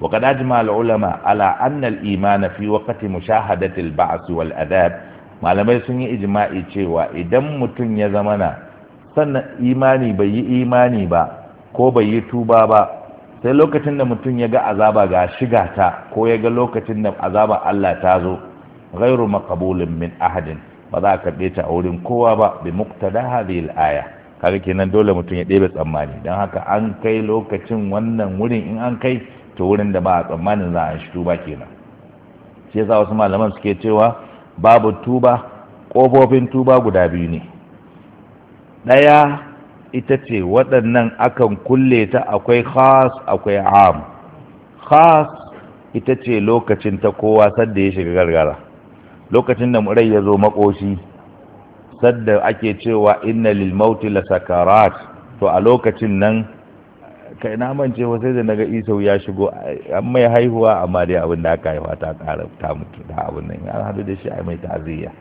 wa kada ajma al ulama ala annal al iman fi waqti mushahadati al ba's wal adab malamai sun yi ijma'i cewa idan mutum ya zamana sannan imani bai yi imani ba ko bai yi tuba ba sai lokacin da mutum ya ga azaba ga shiga ta ko ya ga lokacin da azaba Allah ta zo ghairu maqbulin min ahadin ba za a karɓe ta a wurin kowa ba bi muqtada hadhihi al-aya kaga kenan dole mutum ya ɗebe tsammani don haka an kai lokacin wannan wurin in an kai to wurin da ba a tsammanin za a shi tuba kenan shi yasa wasu malaman suke cewa babu tuba ƙofofin tuba guda biyu ne ɗaya ita ce waɗannan akan kulle ta akwai khas akwai am khas ita ce lokacin ta kowa sadda ya shiga gargara lokacin da murai ya zo makoshi sadda ake cewa inna lil mauti la sakarat to a lokacin nan kai na mance wa sai da naga isau ya shigo an mai haihuwa amma dai abin da aka haifa ta ƙara ta mutu da abin nan ya hadu da shi a mai taziya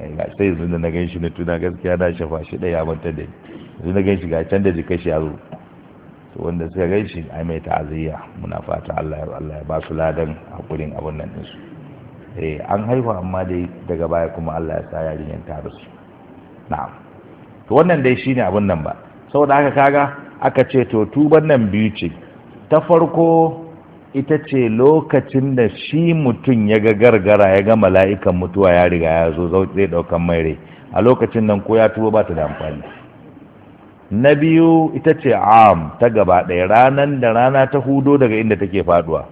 eh, sai yanzu da na gan shi na tuna gaskiya na shafa shi ɗaya ya manta da yanzu na gan shi ga can da jikashi ya zo to wanda suka gan shi a mai taziya muna fata Allah ya ba su ladan hakurin abin nan ɗinsu eh an haihu amma dai daga baya kuma Allah ya sa yarinyar ta rasu na'am to wannan dai shine abun nan ba saboda haka kaga aka ce to tuban nan biyu ce ta farko ita ce lokacin da shi mutum ya ga gargara ya ga mala'ikan mutuwa ya riga ya zo zai daukan mai rai a lokacin nan ko ya tuba ba ta da amfani na biyu ita ce am ta gaba ɗaya ranan da rana ta hudo daga inda take faduwa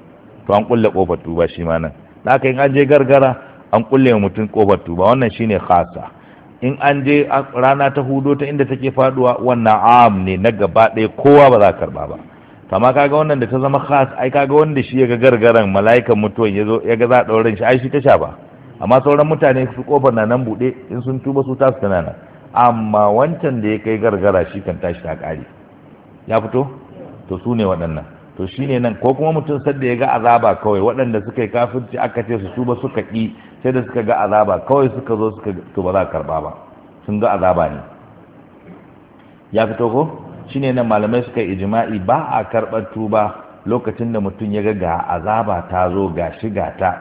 to an kulle kofar tuba shi ma nan da aka in an je gargara an kulle mutum kofar tuba wannan shine khasa in an je rana ta hudo ta inda take faduwa wannan am ne na gaba ɗaya kowa ba za karba ba kama kaga wannan da ta zama khas ai kaga wanda shi ya ga gargaran mala'ikan mutuwan ya zo ya ga za ɗaurin shi ai shi ta sha ba amma sauran mutane su kofar na nan buɗe in sun tuba su tasu tana nan amma wancan da ya kai gargara shi kan tashi ta kare ya fito to su ne waɗannan to shine nan ko kuma mutum sadda ya ga azaba kawai waɗanda suka yi kafirci aka ce su tuba suka ƙi sai da suka ga azaba kawai suka zo suka to ba za a karba ba sun ga azaba ne ya fito ko shine nan malamai suka yi ijma'i ba a karɓar tuba lokacin da mutum ya ga ga azaba ta zo ga shiga ta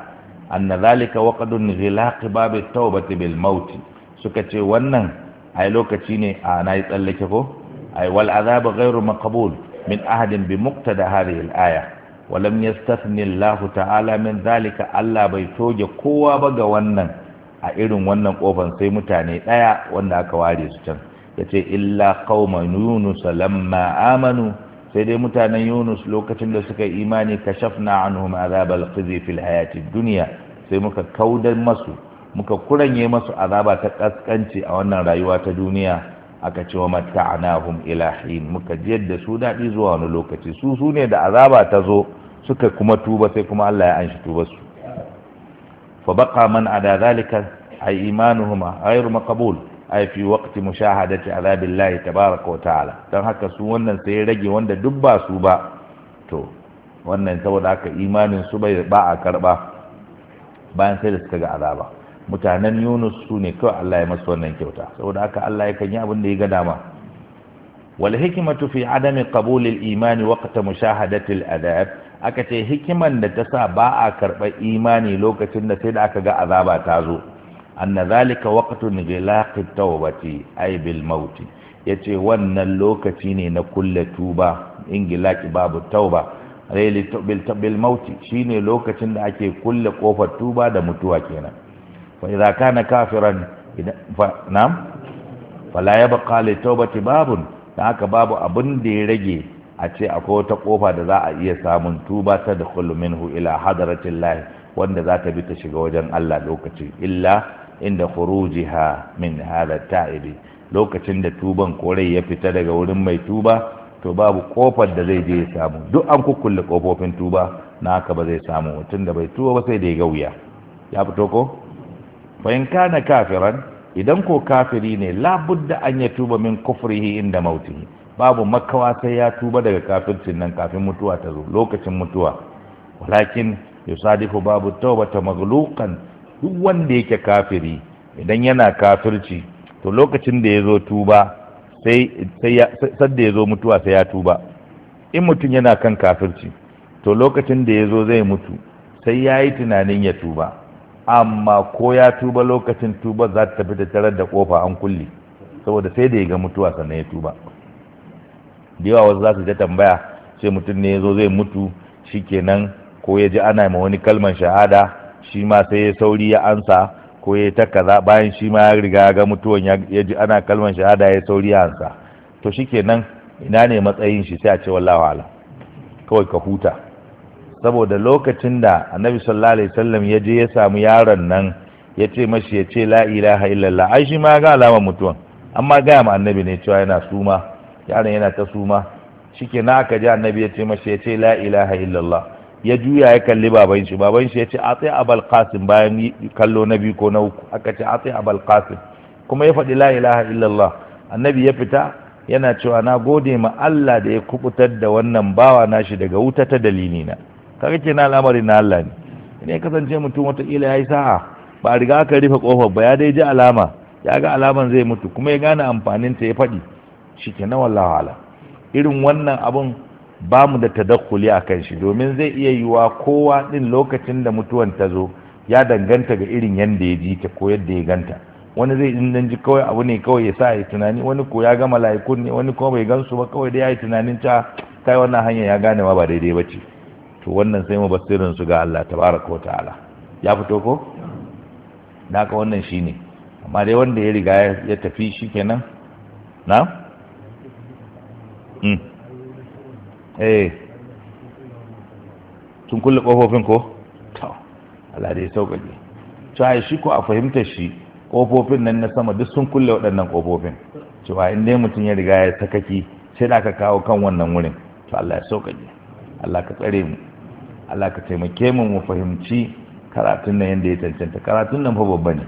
anna zalika waqadun ghilaq bab at-taubati bil maut suka ce wannan ai lokaci ne a nayi tsallake ko ai wal azabu ghairu maqbul min ahadin bi muqtada hadhihi al-aya wa lam yastathni Allah ta'ala min zalika Allah bai toge kowa ba ga wannan a irin wannan kofan sai mutane ɗaya wanda aka ware su can yace illa qauman yunus lamma amanu sai dai mutanen yunus lokacin da suka yi imani kashafna anhum azabal khizi fil hayati duniya, sai muka kaudar masu muka kuranye masu azaba ta kaskanci a wannan rayuwa ta duniya aka ce wa mata'anahum ila Ilahi muka jiyar da su daɗi zuwa wani lokaci su su ne da azaba ta zo suka kuma tuba sai kuma Allah ya anshi tuba su fa baqa man ada zalika ay imanuhum ghayr maqbul ay fi waqti mushahadati azabillahi tabaaraka wa ta'ala dan haka su wannan sai rage wanda duk ba su ba to wannan saboda haka imanin su bai ba a karba bayan sai da suka ga azaba mutanen yunus su ne kawai allah ya masu wannan kyauta saboda haka allah ya kan yi abin da ya ga dama wal hikimatu fi adami qabulil imani waqta mushahadatil adab aka ce hikiman da ta sa ba a karɓar imani lokacin da sai da aka ga azaba ta zo anna zalika waqtun ghilaqi tawbati ay bil mauti yace wannan lokaci ne na kulle tuba in gilaki babu tauba bil mauti shine lokacin da ake kulle kofar tuba da mutuwa kenan fa idza kana kafiran na'am fala yabqa li tawbati babun da haka babu abin da ya rage a ce akwai wata kofa da za a iya samun tuba ta da minhu ila hadratillahi wanda za ta bi ta shiga wajen Allah lokaci illa inda khurujiha min hada ta'ibi lokacin da tuban korai ya fita daga wurin mai tuba to babu kofar da zai je ya samu duk an kukkulle kofofin tuba na haka ba zai samu mutum da bai tuba ba sai da ya gauya ya fito ko fa in kana kafiran idan ko kafiri ne labudda an ya tuba min kufrihi inda mautihi babu makawa sai ya tuba daga kafircin nan kafin mutuwa ta zo lokacin mutuwa walakin yusadifu babu tawbata maghluqan duk wanda yake kafiri idan yana kafirci to lokacin da ya zo tuba sai da ya zo mutuwa sai ya tuba in mutum yana kan kafirci to lokacin da ya zo zai mutu sai ya yi tunanin ya tuba amma ko ya tuba lokacin tuba za ta tafi da tarar da kofa an kulle saboda sai da ya ga mutuwa sannan ya tuba da yawa wasu za su ta tambaya sai mutum ne ya zo zai mutu shi kenan ko ya ji ana ma wani kalman shahada shi ma sai ya sauri ya ansa ko ya ta kaza bayan shi ma ya riga ya ga mutuwan ya ji ana kalman shahada ya sauri ya ansa to shi kenan ina ne matsayin shi sai a ce kawai ka huta saboda lokacin da annabi sallallahu alaihi wasallam ya je ya samu yaron nan ya ce mashi ya ce la ilaha illallah ai shi ma ga alamar mutuwan amma gaya ma annabi ne cewa yana suma yaron yana ta suma shike na aka ji annabi ya ce mashi ya ce la ilaha illallah ya juya ya kalli baban shi baban shi ya ce atai abal qasim bayan kallo na biyu ko na uku aka ce atai abal qasim kuma ya faɗi la ilaha illallah annabi ya fita yana cewa na gode ma Allah da ya kubutar da wannan bawa nashi daga wuta ta dalilina kaga kenan al'amarin na Allah ne in ya kasance mutum wataƙila ya yi sa'a ba a riga aka rufe kofar ba ya dai ji alama ya ga alaman zai mutu kuma ya gane amfanin ta ya faɗi shi ke na ala irin wannan abun ba mu da tadakkuli a kan shi domin zai iya yiwa kowa ɗin lokacin da mutuwan ta zo ya danganta ga irin yadda ya ji ta ko yadda ya ganta wani zai in ji kawai abu ne kawai ya sa ya tunani wani ko ya ga mala'ikun ne wani kuma bai gansu ba kawai dai ya yi tunanin ta kai wannan hanya ya gane ma ba daidai ba ce to wannan sai mu basirin su ga Allah tabaraka wa ta'ala ya fito ko ka wannan shine amma dai wanda ya riga ya tafi shikenan na mm eh tun kulle kofofin ko to Allah dai to ai shi ko a fahimtar shi kofofin nan na sama duk sun kulle waɗannan kofofin cewa in dai mutum ya riga ya sakaki sai da ka kawo kan wannan wurin to Allah ya sauƙaƙe Allah ka tsare mu Allah ka taimake mu mu fahimci karatun nan yadda ya cancanta karatun nan fa babba ne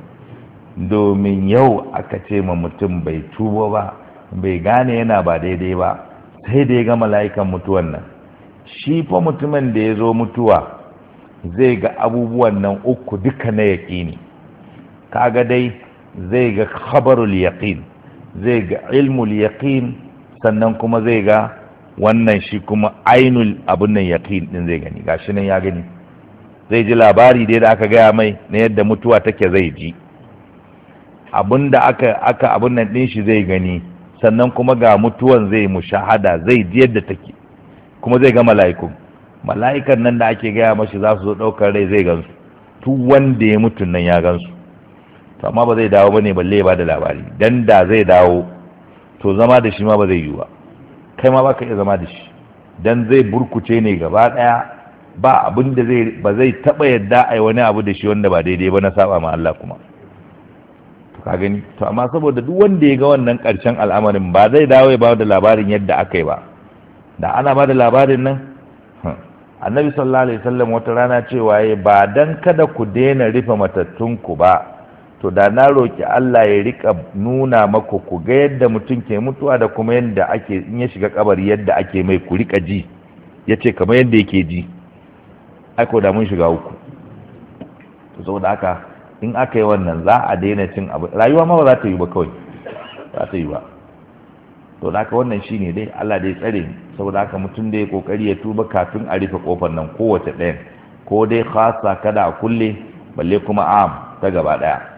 domin yau aka ce ma mutum bai tuba ba bai gane yana ba daidai ba sai da ya ga mala'ikan mutuwan nan shi fa mutumin da ya zo mutuwa zai ga abubuwan nan uku duka na yaƙini kaga dai zai ga khabarul yaqin zai ga ilmul yaƙin, sannan kuma zai ga wannan shi kuma ainul abin nan yaqin din zai gani gashi nan ya gani zai ji labari dai da aka gaya mai na yadda mutuwa take zai ji abin da aka aka abin nan din shi zai gani sannan kuma ga mutuwan zai mushahada zai ji yadda take kuma zai ga mala'iku mala'ikan nan da ake gaya mashi za su zo ɗaukar rai zai gansu tu wanda ya mutu nan ya gansu to amma ba zai dawo bane balle ba da labari dan da zai dawo to zama da shi ma ba zai yiwu ba kai ma baka iya zama da shi dan zai burkuce ne gaba daya ba abin da zai ba zai taba yadda ai wani abu da shi wanda ba daidai ba na saba ma Allah kuma to ka gani to amma saboda duk wanda ya ga wannan karshen al'amarin ba zai dawo ya ba da labarin yadda aka yi ba da ana ba da labarin nan hmm. annabi sallallahu alaihi wasallam wata rana cewa ba dan kada ku daina rufe matattunku ba to da na roki Allah ya rika nuna maka ku ga yadda mutum ke mutuwa da kuma yadda ake in ya shiga kabari yadda ake mai ku rika ji ya ce kamar yadda yake ji aiko da mun shiga uku to saboda haka in aka yi wannan za a daina cin abu rayuwa ma ba za ta yi ba kawai za ta yi ba to da haka wannan shine dai Allah dai tsare saboda haka mutum dai kokari ya tuba kafin a rufe kofar nan kowace ɗayan ko dai khasa kada a kulle balle kuma am ta gaba ɗaya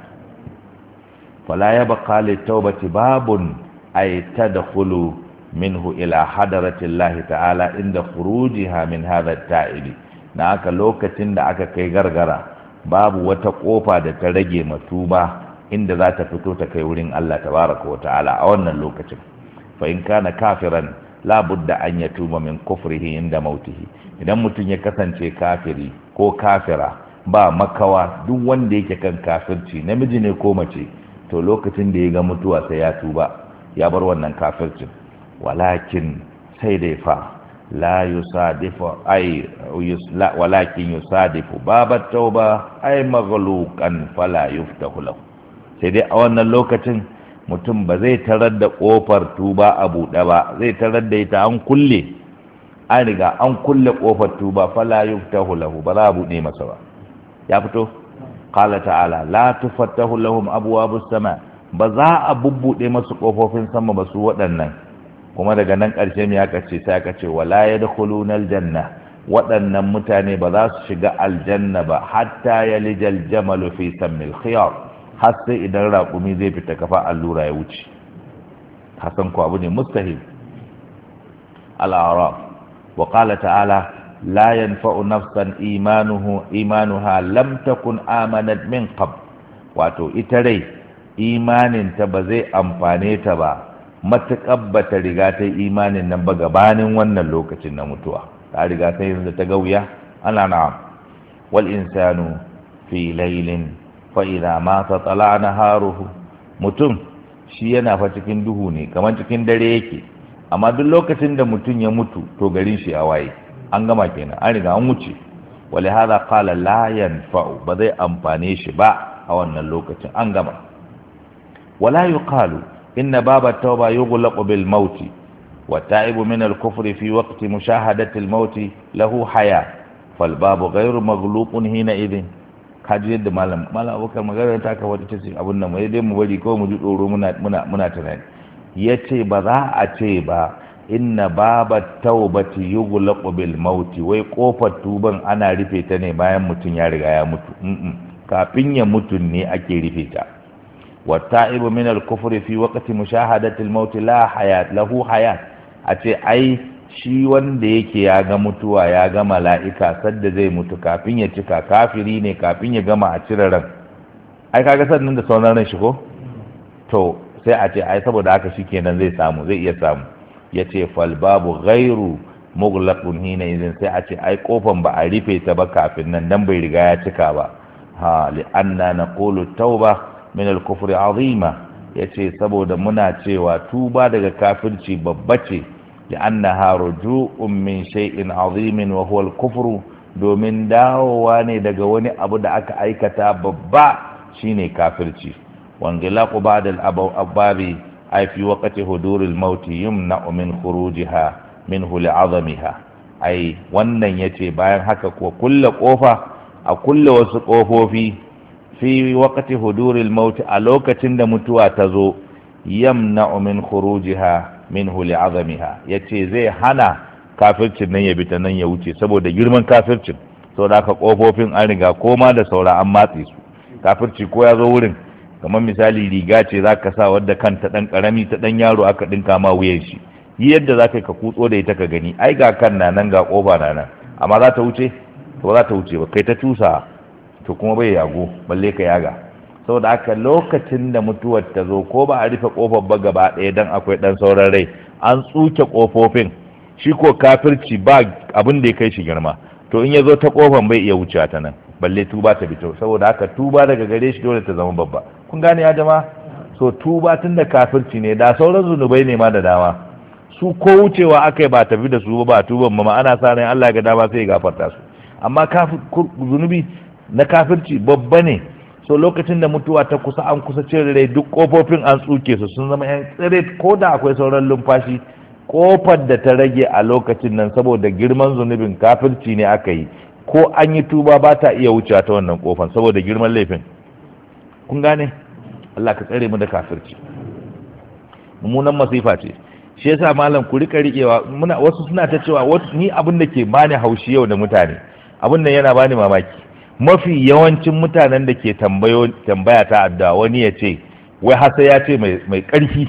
wala ya baqa taubati babun ay tadkhulu minhu ila hadaratillahi ta'ala inda khurujiha min hadha at-ta'ib na aka lokacin da aka kai gargara babu wata ƙofa da ta rage matuba inda za ta fito ta kai wurin Allah ta tabaraka wa ta'ala a wannan lokacin fa in kafiran la da an yatuba min kufrihi inda mautihi idan mutum ya kasance kafiri ko kafira ba makawa duk wanda yake kan kafirci namiji ne ko mace to lokacin da ya ga mutuwa sai ya tuba ya bar wannan kafircin walakin sai dai fa la yusadifu ay yusla walakin yusadifu babat tauba ay maghluqan fala yuftahu lahu sai dai a wannan lokacin mutum ba zai tarar da kofar tuba a buɗe ba zai tarar da ita an kulle an riga an kulle kofar tuba fala yuftahu lahu ba za a buɗe masa ba ya fito qala ta'ala la tufattahu lahum abwabus sama ba za a bubbude masu kofofin sama ba su waɗannan kuma daga nan ƙarshen me aka ce sai aka ce wala yadkhuluna aljanna waɗannan mutane ba za su shiga aljanna ba hatta yalijal jamalu fi sammil khiyar har sai idan raƙumi zai fita kafa allura ya wuce hasan ko abu ne mustahil al-a'raf wa qala ta'ala Layan fa'unafsan nafsan imanuhu imanuha lam min qab wato ita rai imaninta ba zai amfane ta ba matuƙar ba ta riga ta imanin nan ba wannan lokacin na mutuwa ta riga yanzu ta gauya ana na wal insanu fi lailin fa idza na tala naharuhu mutum shi yana fa cikin duhu ne kamar cikin dare yake amma duk lokacin da mutum ya mutu to garin shi a waye an gama kenan an riga an wuce wale haza kala layan fa'u ba zai amfane shi ba a wannan lokacin an gama wala yi kalu inna baba tauba yi gulaƙo bil mauti wa ta'ibu min al-kufri fi waqti mushahadati al-mauti lahu haya fal babu ghayru maghluqun hina idin kaji yadda malam malam abokan magana ta ka wata tace abin nan mai dai mu bari ko mu ji tsoro muna muna muna tunani ba za a ce ba inna babat taubati yughlaqu bil mauti wai kofar tuban ana rufe ta ne bayan mutum ya riga ya mutu kafin ya mutu ne ake rufe ta wa ta'ibu min al kufri fi waqti mushahadati al maut la hayat lahu hayat a ce ai shi wanda yake ya ga mutuwa ya ga mala'ika sadda zai mutu kafin ya cika kafiri ne kafin ya gama a cire ran ai kaga sannan da sauran ran shi ko to sai a ce ai saboda haka shikenan zai samu zai iya samu ya ce falbabu ghairu mughlaqun hina idan sai a ce ai kofan ba a rufe ta ba kafin nan dan bai riga ya cika ba ha li anna naqulu tauba min al kufri azima yace saboda muna cewa tuba daga kafirci babba ce li annaha ruju'un min shay'in azimin wa huwa al kufru domin dawowa ne daga wani abu da aka aikata babba shine kafirci wangilaqu ba'da al ababi ay fi waqti huduril maut yumna min khurujiha minhu li'azamiha ai wannan yace bayan haka ko kulle kofa a kulle wasu kofofi fi waqti huduril mauti a lokacin da mutuwa ta zo yamna min khurujiha minhu li'azamiha yace zai hana kafircin nan ya bi ta nan ya wuce saboda girman kafircin saboda haka kofofin an riga koma da saura an matse su kafirci ko ya zo wurin kamar misali riga ce za ka sa wadda kanta dan karami ta dan yaro aka ɗinka ma wuyan shi yi yadda za ka ka kutso da ita ka gani ai ga kan na nan ga ƙofa na nan amma za ta wuce to ba za ta wuce ba kai ta tusa to kuma bai yago balle ka yaga saboda haka lokacin da mutuwar ta zo ko ba a rufe ƙofar ba gaba ɗaya dan akwai ɗan sauran rai an tsuke ƙofofin shi ko kafirci ba abin da ya kai shi girma to in ya zo ta ƙofar bai iya wucewa ta nan balle tuba ta fito saboda haka tuba daga gare shi dole ta zama babba kun gane ya jama so tuba tun da kafirci ne da sauran zunubai ne ma da dama su ko wucewa aka yi ba tafi da su ba tuban ma ana sa ran Allah ga dama sai ya gafarta su amma zunubi na kafirci babba ne so lokacin da mutuwa ta kusa an kusa cire rai duk kofofin an tsuke su sun zama yan tsire ko da akwai sauran lumfashi kofar da ta rage a lokacin nan saboda girman zunubin kafirci ne aka yi ko an yi tuba ba ta iya wucewa ta wannan kofar saboda girman laifin kun gane Allah ka tsare mu da kafirci mummunan masifa ce shi yasa malam ku rika riƙewa muna wasu suna ta cewa ni abin da ke bani haushi yau da mutane abin nan yana bani mamaki mafi yawancin mutanen da ke tambaya ta addu'a wani ya ce wai hasa ya ce mai ƙarfi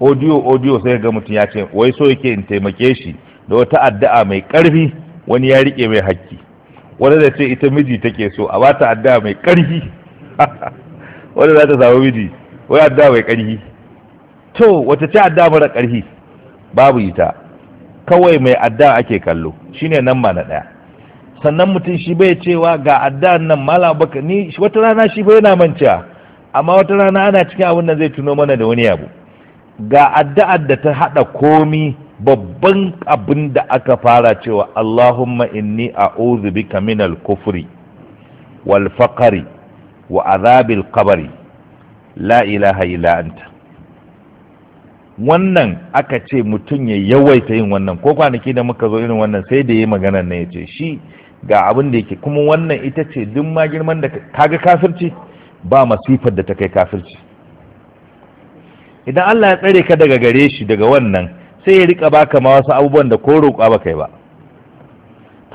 audio audio sai ga mutum ya ce wai so yake in taimake shi da wata addu'a mai ƙarfi wani ya rike mai hakki wani da ce ita miji take so a bata addu'a mai ƙarfi wanda za ta samu miji wai adda mai ƙarfi to wata ce adda mara ƙarfi babu ita kawai mai adda ake kallo shine nan ma na ɗaya sannan mutum shi bai cewa ga adda nan mala baka ni wata rana shi bai yana mancewa amma wata rana ana cikin abin nan zai tuno mana da wani abu ga addu'ar da ta hada komi babban abin da aka fara cewa Allahumma inni a'udhu bika minal kufri wal faqri wa azabil kabari la ilaha illa anta wannan aka ce mutum ya yawaita yin wannan ko kwanaki da muka zo irin wannan sai da yi magana na ya ce shi ga abin da yake kuma wannan ita ce duk ma girman da kaga kafirci ba masifar da ta kai kafirci idan Allah ya tsare ka daga gare shi daga wannan sai ya rika baka ma wasu abubuwan da ko roƙa ba kai ba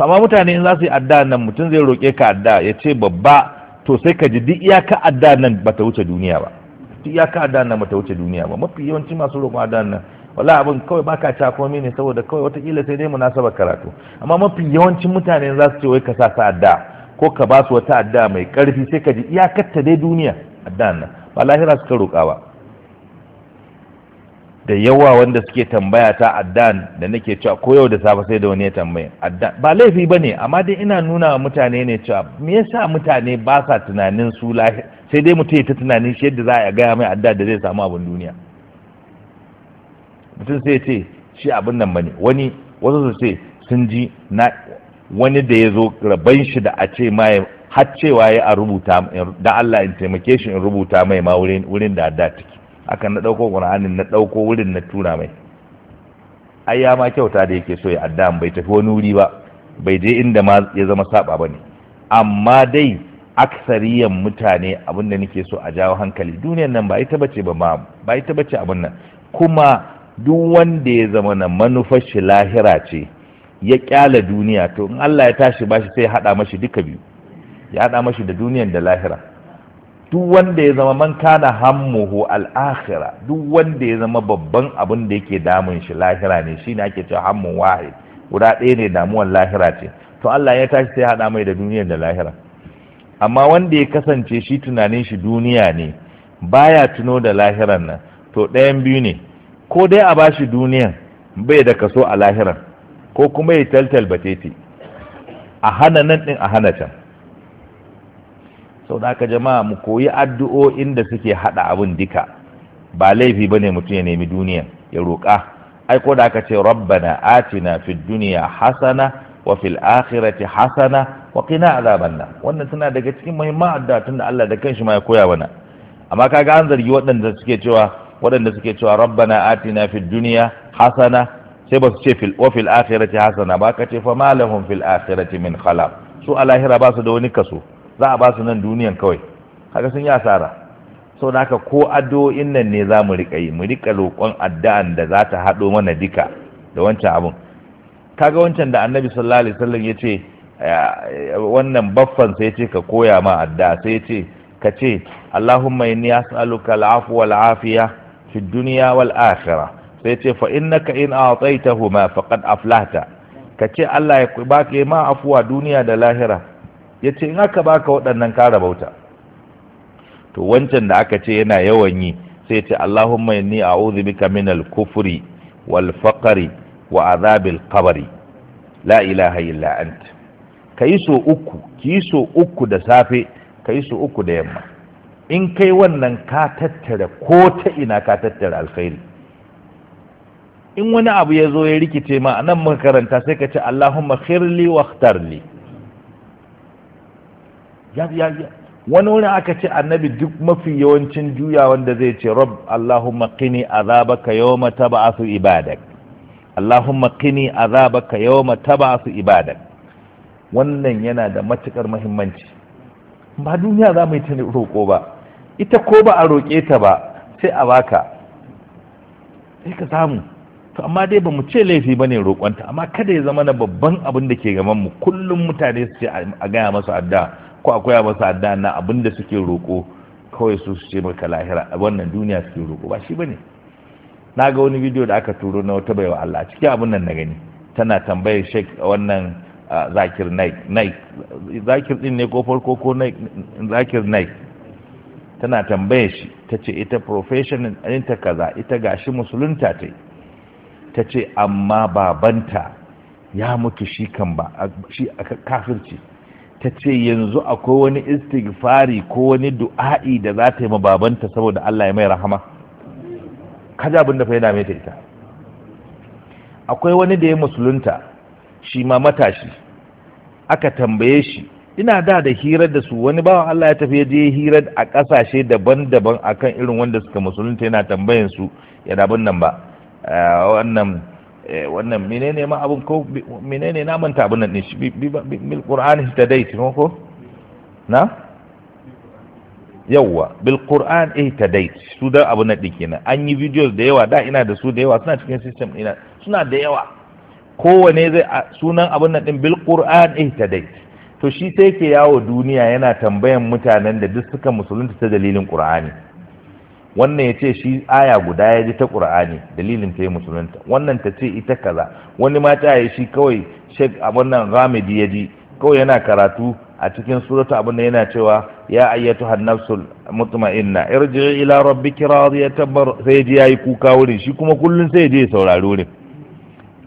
amma mutane in za su yi adda nan mutum zai roƙe ka adda ya ce babba to sai ka ji duk iyaka adda nan ba wuce duniya ba duk iyaka adda nan ba wuce duniya ba mafi yawanci masu roƙon adda nan wala abin kawai baka ta komai ne saboda kawai wata kila sai dai munasaba karatu amma mafi yawancin mutane za su ce wai ka sa sa adda ko ka ba su wata adda mai karfi sai ka ji iyakar ta dai duniya adda ba lahira suka roƙa ba da yawa wanda suke tambaya ta addan da nake cewa ko yau da safe sai da wani ya tambaye addan ba laifi bane amma dai ina nuna wa mutane ne cewa me yasa mutane ba sa tunanin su lahi sai dai mutum ya ta tunanin shi yadda za a gaya mai addan da zai samu abin duniya mutum sai ce shi abin nan bane wani wasu su ce sun ji na wani da ya zo rabon shi da a ce ma har cewa ya a rubuta da Allah in taimake shi in rubuta mai ma wurin da addan take aka na ɗauko ƙur'anin na ɗauko wurin na tura mai ai ya ma kyauta da yake so ya adda bai tafi wani wuri ba bai je inda ma ya zama saba ba ne amma dai aksariyan mutane abin da nake so a jawo hankali duniyan nan ba ita bace ba ma ba ita bace abin nan kuma duk wanda ya zama na manufar shi lahira ce ya kyala duniya to in Allah ya tashi bashi sai ya hada mashi duka biyu ya hada mashi da duniyan da lahira duk wanda ya zama man kana hammuhu al duk wanda ya zama babban abin da yake damun shi lahira ne shine ake cewa hammun wahid guda ɗaya ne damuwar lahira ce to Allah ya tashi sai hada mai da duniyar da lahira amma wanda ya kasance shi tunanin shi duniya ne baya tuno da lahiran nan to ɗayan biyu ne ko dai a bashi duniyan bai da kaso a lahiran ko kuma ya taltal batete a hana nan din a hana can sau da aka jama'a mu koyi addu'o'in da suke haɗa abin duka ba laifi bane mutum ya nemi duniya ya roƙa ai ko da aka ce rabbana atina fi duniya hasana wa fil akhirati hasana wa qina azaban nar wannan tana daga cikin muhimman addu'a tun da Allah da kanshi ma ya koya mana amma kaga an zargi waɗanda suke cewa waɗanda suke cewa rabbana atina fid dunya hasana sai ba su ce fil wa fil akhirati hasana ba ka ce fa malahum fil akhirati min khalaq su a lahira ba su da wani kaso za a ba su nan duniyan kawai kaga sun yi asara so haka ko addu'o'in nan ne za mu riƙa yi mu riƙa roƙon addu'an da za ta haɗo mana duka da wancan abun kaga wancan da annabi sallallahu alaihi wasallam ya ce eh, wannan baffan sai ce ka koya ma addu'a sai ya ce ka ce allahumma inni as'aluka al'afu wal afiya fi dunya wal akhirah sai ce fa innaka in a'taytahuma faqad aflahta ce Allah ya baka ma afuwa duniya da lahira ya ce in aka baka waɗannan ka bauta to wancan da aka ce yana yawan yi sai ce Allahumma inni a'udhu bika min al-kufri wal wa azabil ƙabari.' la ilaha illa ant kai so uku ki so uku da safe kai so uku da yamma in kai wannan ka tattara ko ta ina ka tattara alkhairi in wani abu ya zo ya rikice ma a muka karanta sai ka ce Allahumma khirli wa khtarli ya wani aka ce annabi duk mafi yawancin juya wanda zai ce rob allahumma qini azabaka yawma tab'asu ibadak allahumma qini azabaka yawma tab'asu ibadak wannan yana da matukar muhimmanci ba duniya za mu yi ta roƙo ba ita ko ba a roƙe ta ba sai a baka sai ka samu to amma dai ba mu ce laifi ba ne roƙonta amma kada ya zama na babban abin da ke gaban mu kullum mutane su ce a gaya masu addu'a ko a koya masa adda na abin da suke roko kawai su su ce maka lahira a wannan duniya suke roƙo ba shi bane na ga wani bidiyo da aka turo na wata baiwa Allah cikin abin nan na gani tana tambayar shek wannan zakir naik zakir din ne ko farko ko zakir naik tana tambayar shi ta ce ita profession ta kaza ita gashi musulunta ta yi ta ce amma babanta ya mutu shi kan ba shi kafirci ta ce yanzu akwai wani istighfari ko wani du'a'i da za ta yi ma babanta saboda Allah ya mai rahama kaji abin da fa yana mai ita akwai wani da ya musulunta shi ma matashi aka tambaye shi ina da da hirar da su wani bawan Allah ya tafi ya je hirar a kasashe daban-daban akan irin wanda suka musulunta yana tambayan su ya dabin nan ba eh, wannan Eh, wannan menene ma abin ko menene na manta abin nan shi bil qur'ani ihtadayt no ko na yawwa bil qur'an ihtadayt su da abin nan din kenan an yi videos da yawa da ina da su da yawa suna cikin system ina suna da yawa kowane zai sunan abin nan din bil qur'an ihtadayt to shi sai ke yawo duniya yana tambayan mutanen da duk suka musulunta ta dalilin qur'ani wannan ya ce shi aya guda ya ji ta ƙur'ani dalilin ta yi musulunta wannan ta ce ita kaza wani ma ta yi shi kawai shek abunan wannan ramadi ya ji kawai yana karatu a cikin surata abin da yana cewa ya ayyatu hannasul mutma'inna irji'i ila rabbiki radiyatan bar sai ji yayi kuka wurin shi kuma kullun sai je saurari wurin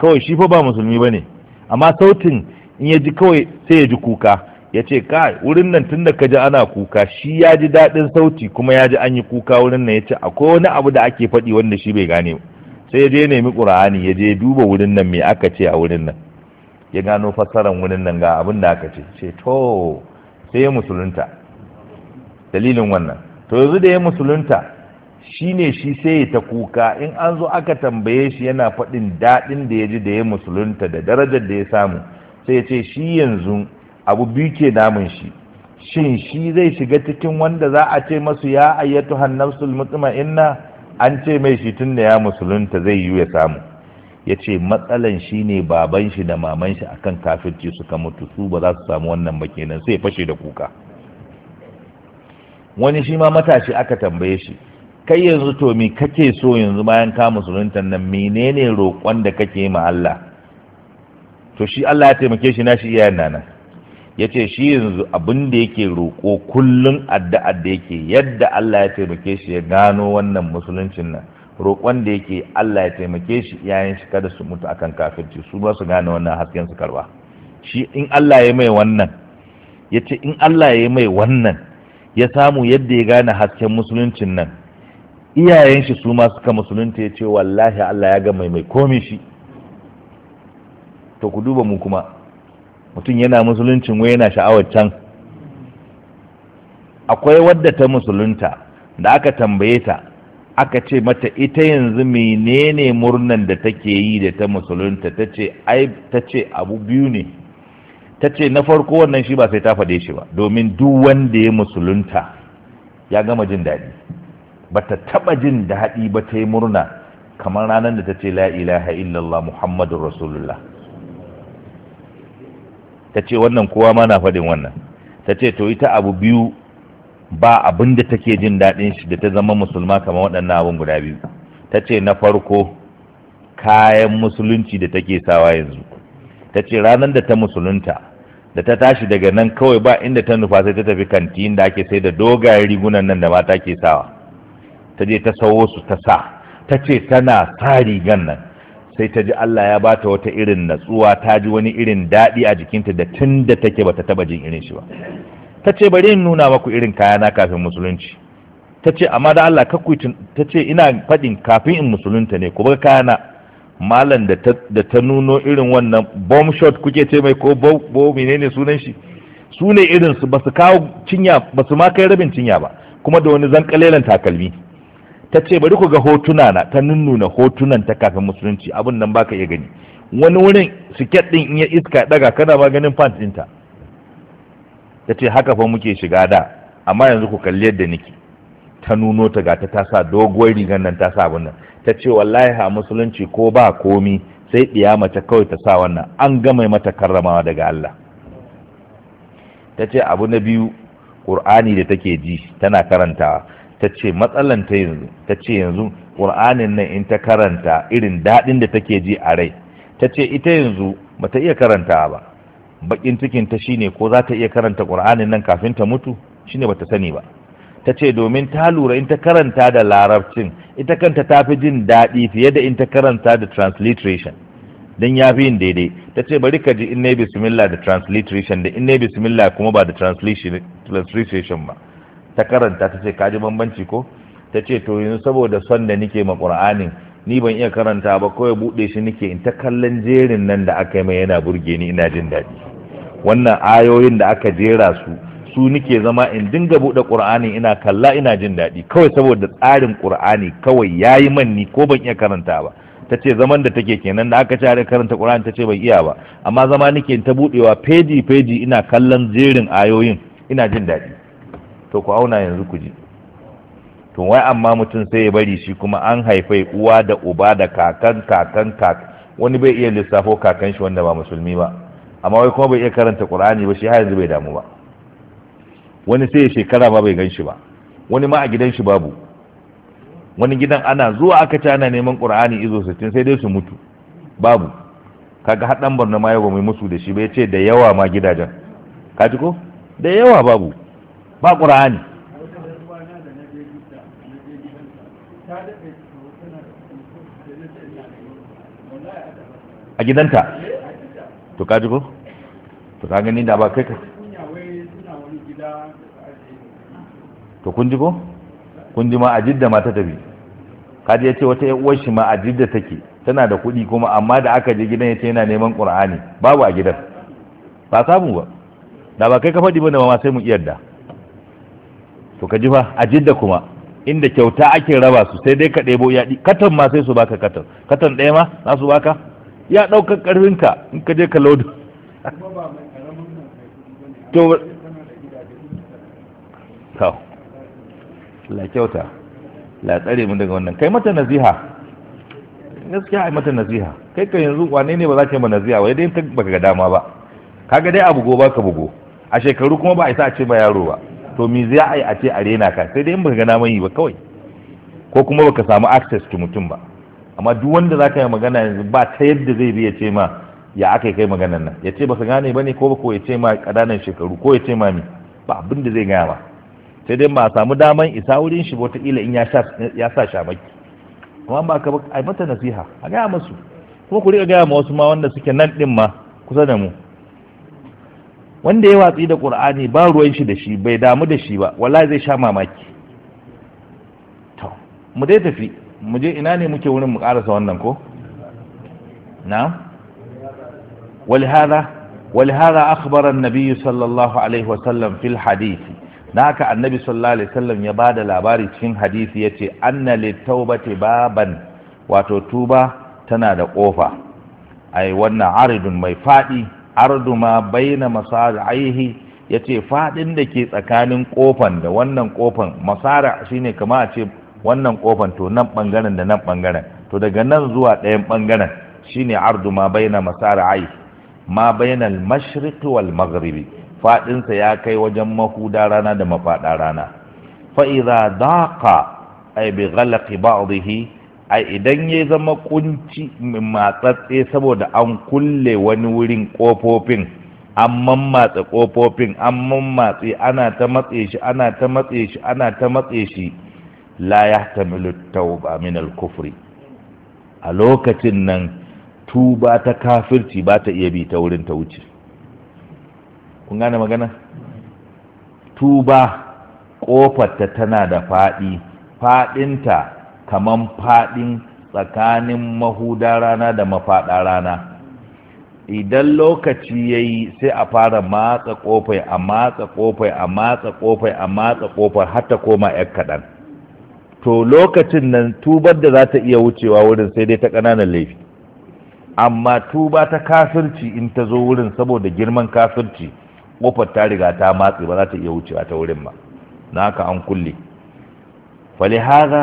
kawai shi fa ba musulmi bane amma sautin in ya ji kawai sai ya ji kuka ya ce kai wurin nan tun da ka ji ana kuka shi ya ji daɗin sauti kuma ya ji an yi kuka wurin nan ya ce akwai wani abu da ake faɗi wanda shi bai gane sai ya je nemi ƙura'ani ya je duba wurin nan me aka ce a wurin nan ya gano fassaran wurin nan ga abin da aka ce ce to sai ya musulunta dalilin wannan to yanzu da ya musulunta shi ne shi sai ya ta kuka in an zo aka tambaye shi yana faɗin daɗin da ya ji da ya musulunta da darajar da ya samu sai ya ce shi yanzu abu biyu ke namun shi shin shi zai shiga cikin wanda za a ce masu ya ayyatu mutuma inna an ce mai shi tun da ya musulunta zai yi ya samu ya ce matsalan shi ne baban shi da maman shi akan kafirci suka mutu su ba za su samu wannan ba kenan sai fashe da kuka wani shi ma matashi aka tambaye shi kai yanzu to me kake so yanzu bayan ka musulunta nan menene roƙon da kake ma Allah to shi Allah ya taimake shi na shi iyayen nan ya ce shi yanzu abin da yake roƙo kullum addu'ar da yake yadda Allah ya taimake shi ya gano wannan musuluncin nan roƙon da yake Allah ya taimake shi yayin shi kada su mutu akan kafirci su ba su gane wannan hasken su karba shi in Allah ya mai wannan ya ce in Allah ya mai wannan ya samu yadda ya gane hasken musuluncin nan iyayen shi su ma suka musulunta ya ce wallahi Allah ya ga mai mai komi shi to ku duba mu kuma mutum yana musuluncin wai yana sha'awar can akwai wadda ta musulunta da aka tambaye ta aka ce mata ita yanzu menene murnan da take yi da ta musulunta ta ce ai ta ce abu biyu ne ta ce na farko wannan shi ba sai ta faɗe shi ba domin duk wanda ya musulunta ya gama jin daɗi ba ta taɓa jin daɗi ba ta yi murna kamar ranar da ta ce la ilaha illallah muhammadun rasulullah ta ce wannan kowa ma na faɗin wannan ta ce to ita abu biyu ba abin da take jin daɗin shi da ta zama musulma kamar waɗannan abin guda biyu ta ce na farko kayan musulunci da take sawa yanzu ta ce ranar da ta musulunta da ta tashi daga nan kawai ba inda ta nufa sai ta tafi kantin da ake sai da dogayen rigunan nan da mata ke sawa ta je ta sawo su ta sa ta ce tana sa rigan nan sai ta ji Allah ya bata wata irin natsuwa ta ji wani irin daɗi a jikinta da tun da take bata taba jin irin shi ba ta ce bari in nuna maku irin kayana kafin musulunci ta ce amma da Allah kakkuitin ta ce ina faɗin kafin in musulunta ne ku bar kayana malam da ta nuno irin wannan bomb shot kuke ce mai ko bo menene sunan shi su irin su ba su kawo cinya ba ma kai rabin cinya ba kuma da wani zankalelan takalmi ta ce bari ku ga hotuna na ta nunnuna hotunan ta kafin musulunci abin nan baka iya gani wani wurin siket din in ya iska daga kana ma ganin pants ɗinta ta ce haka fa muke shiga da amma yanzu ku kalli yadda niki ta nuno ta gata ta sa doguwar rigar nan ta sa abin nan ta ce wallahi ha musulunci ko ba komi sai ɗiya mace kawai ta sa wannan an gama mata karramawa daga Allah ta ce abu na biyu ƙur'ani da take ji tana karantawa ta ce matsalan ta yanzu ta ce yanzu ƙur'anin nan in ta karanta irin daɗin da take ji a rai ta ce ita yanzu ba ta iya karanta ba bakin cikin ta shine ko za ta iya karanta ƙur'anin nan kafin ta mutu shine ba ta sani ba ta ce domin ta lura in ta karanta da larabcin ita kanta ta fi jin daɗi fiye da in ta karanta da transliteration don ya fi yin daidai ta ce bari ka ji in ne bismillah da transliteration da in ne bismillah kuma ba da transliteration ba ta karanta ta ce kaji bambanci ko ta ce to yanzu saboda son da nike ma qur'anin ni ban iya karanta ba kawai buɗe shi nike in ta kallon jerin nan da aka yi mai yana burge ni ina jin daɗi wannan ayoyin da aka jera su su nike zama in dinga buɗe qur'anin ina kalla ina jin daɗi kawai saboda tsarin kur'ani kawai ya yi man ni ko ban iya karanta ba ta ce zaman da take kenan da aka ce karanta qur'ani ta ce ban iya ba amma zama nike ta buɗewa feji feji ina kallon jerin ayoyin ina jin daɗi to ku auna yanzu ku ji to wai amma mutum sai ya bari shi kuma an haifai uwa da uba da kakan kakan kakan wani bai iya lissafo kakan shi wanda ba musulmi ba amma wai kuma bai iya karanta qur'ani ba shi har yanzu bai damu ba wani sai ya shekara ba bai gan shi ba wani ma a gidan shi babu wani gidan ana zuwa aka ci ana neman qur'ani izo 60 sai dai su mutu babu kaga hadan barna ma yau mai musu da shi ba ce da yawa ma gidajen ka ji ko da yawa babu ba ƙura'ani a gidanta to ka jiko, to ka gani da ba kai ka to kun jiko, kun ji ma a jidda ma ta tafi kaji ya ce wata yan uwanshi shi ma a jidda take tana da kuɗi kuma amma da aka je gidan ya ce yana neman ƙura'ani. babu a gidan ba samu ba da ba kai ka faɗi ba da ma sai mu iyar da to ka ji fa a jidda kuma inda kyauta ake raba su sai dai ka ɗebo ɗi. katon ma sai su baka katon katon ɗaya ma za su baka ya ɗaukar ƙarfinka in ka je ka lodo to kawo la kyauta la tsare mu daga wannan kai mata nasiha gaskiya ai mata nasiha kai ka yanzu wane ne ba za ka yi ma nasiha wai dai baka ga dama ba kaga dai abu go baka bugo a shekaru kuma ba a isa a ce ba yaro ba to me a yi a ce a rena ka sai dai in baka gana mai yi ba kawai ko kuma baka samu access ki mutum ba amma duk wanda zaka yi magana yanzu ba ta yadda zai bi ya ce ma ya aka kai maganar nan ya ce baka gane ba ne? ko ko ya ce ma kadanan shekaru ko ya ce ma ni ba abin da zai gaya ba. sai dai ba samu daman isa wurin shi wata ila in ya sha ya sa shamaki amma ba ka ai mata nasiha a gaya masu kuma ku riga gaya ma wasu ma wanda suke nan din ma kusa da mu wanda ya watsi da ƙur'ani ba ruwan shi da shi bai damu da shi ba wala zai sha mamaki to mu dai tafi mu je ina ne muke wurin mu ƙarasa wannan ko na'am walhada walhada akhbara annabi sallallahu alaihi wa sallam fil hadith naka annabi sallallahu alaihi wa sallam ya bada labari cikin hadisi yace anna litawbati baban wato tuba tana da kofa ai wannan aridun mai fadi ardu ma baina ya yace fadin da ke tsakanin kofan da wannan kofan masara shine kama a ce wannan kofan to nan bangaren da nan bangaren to daga nan zuwa ɗayan bangaren shine ardu ma baina masari'ihi ma baina al-mashriq wal maghribi fadin sa ya kai wajen mahuda rana da mafada rana fa idza daqa ay bi ghalqi ba'dihi a idan ya zama kunci mm, matsatse saboda an kulle wani wurin kofofin an matse kofofin an mammatse ana ta matse shi ana ta matse shi ana ta matse shi la ya ta tauba min al-kufri a lokacin nan tuba ta kafirci ba ta iya bi ta wurin ta wuce kun gane magana tuba kofarta tana da faɗi faɗinta kaman faɗin tsakanin mahuda rana da mafaɗa rana idan lokaci ya yi sai a fara matsa ƙofai a matsa ƙofai a matsa ƙofar a matsa har ta koma yan kaɗan to lokacin nan tubar da za ta iya wucewa wurin sai dai ta ƙananan laifi amma tuba ta kafirci in ta zo wurin saboda girman kafirci ƙofar ta riga ta matsi ba za ta iya wucewa ta wurin ba na haka an kulle falihaza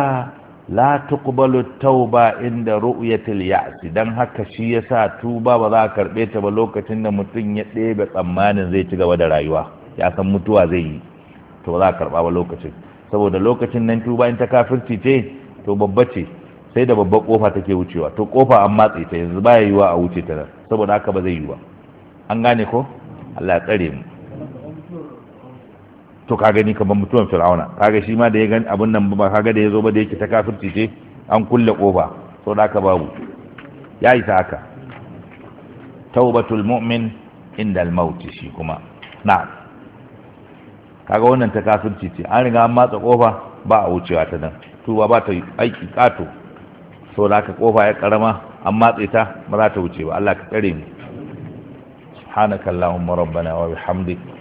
la tuqbalu tauba inda ru'yatil ya'si dan haka shi yasa tuba ba za a karbe ta ba lokacin da mutum ya ɗebe tsammanin zai ci gaba da rayuwa ya san mutuwa zai yi to ba za a karba ba lokacin saboda lokacin nan tuba in ta kafirci ce to babba ce sai da babbar kofa take wucewa to kofa an matse ta yanzu ba yiwa a wuce ta nan saboda haka ba zai yi ba an gane ko Allah ya tsare mu to ka gani kamar mutuwan fir'auna kaga shi ma da ya gani abin nan ba kaga da ya zo ba da yake ta kafirci ce an kulle kofa sau da aka babu ya yi ta haka taubatul mu'min inda almauti shi kuma na kaga wannan ta kafirci ce an riga an matsa kofa ba a wucewa ta nan tuba ba ta aiki kato sau da aka kofa ya karama an matse ta ba za ta wuce ba Allah ka tsare mu subhanakallahumma rabbana wa bihamdika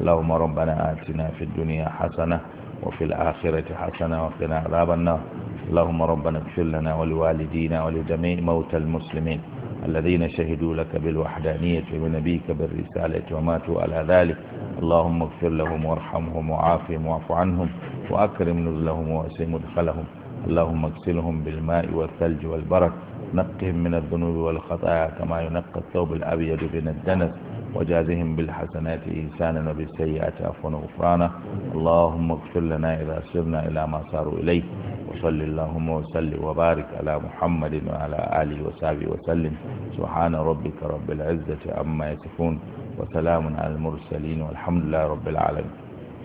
اللهم ربنا آتنا في الدنيا حسنة وفي الآخرة حسنة وقنا عذاب النار اللهم ربنا اغفر لنا ولوالدينا ولجميع موتى المسلمين الذين شهدوا لك بالوحدانية ونبيك بالرسالة وماتوا على ذلك اللهم اغفر لهم وارحمهم وعافهم واعف عنهم وأكرم نزلهم واسع مدخلهم اللهم اغسلهم بالماء والثلج والبرد نقهم من الذنوب والخطايا كما ينقى الثوب الأبيض من الدنس وجازهم بالحسنات إحسانا وبالسيئات عفوا وغفرانا اللهم اغفر لنا إذا سرنا إلى ما صاروا إليه وصل اللهم وسلم وبارك على محمد وعلى آله وصحبه وسلم سبحان ربك رب العزة عما يصفون وسلام على المرسلين والحمد لله رب العالمين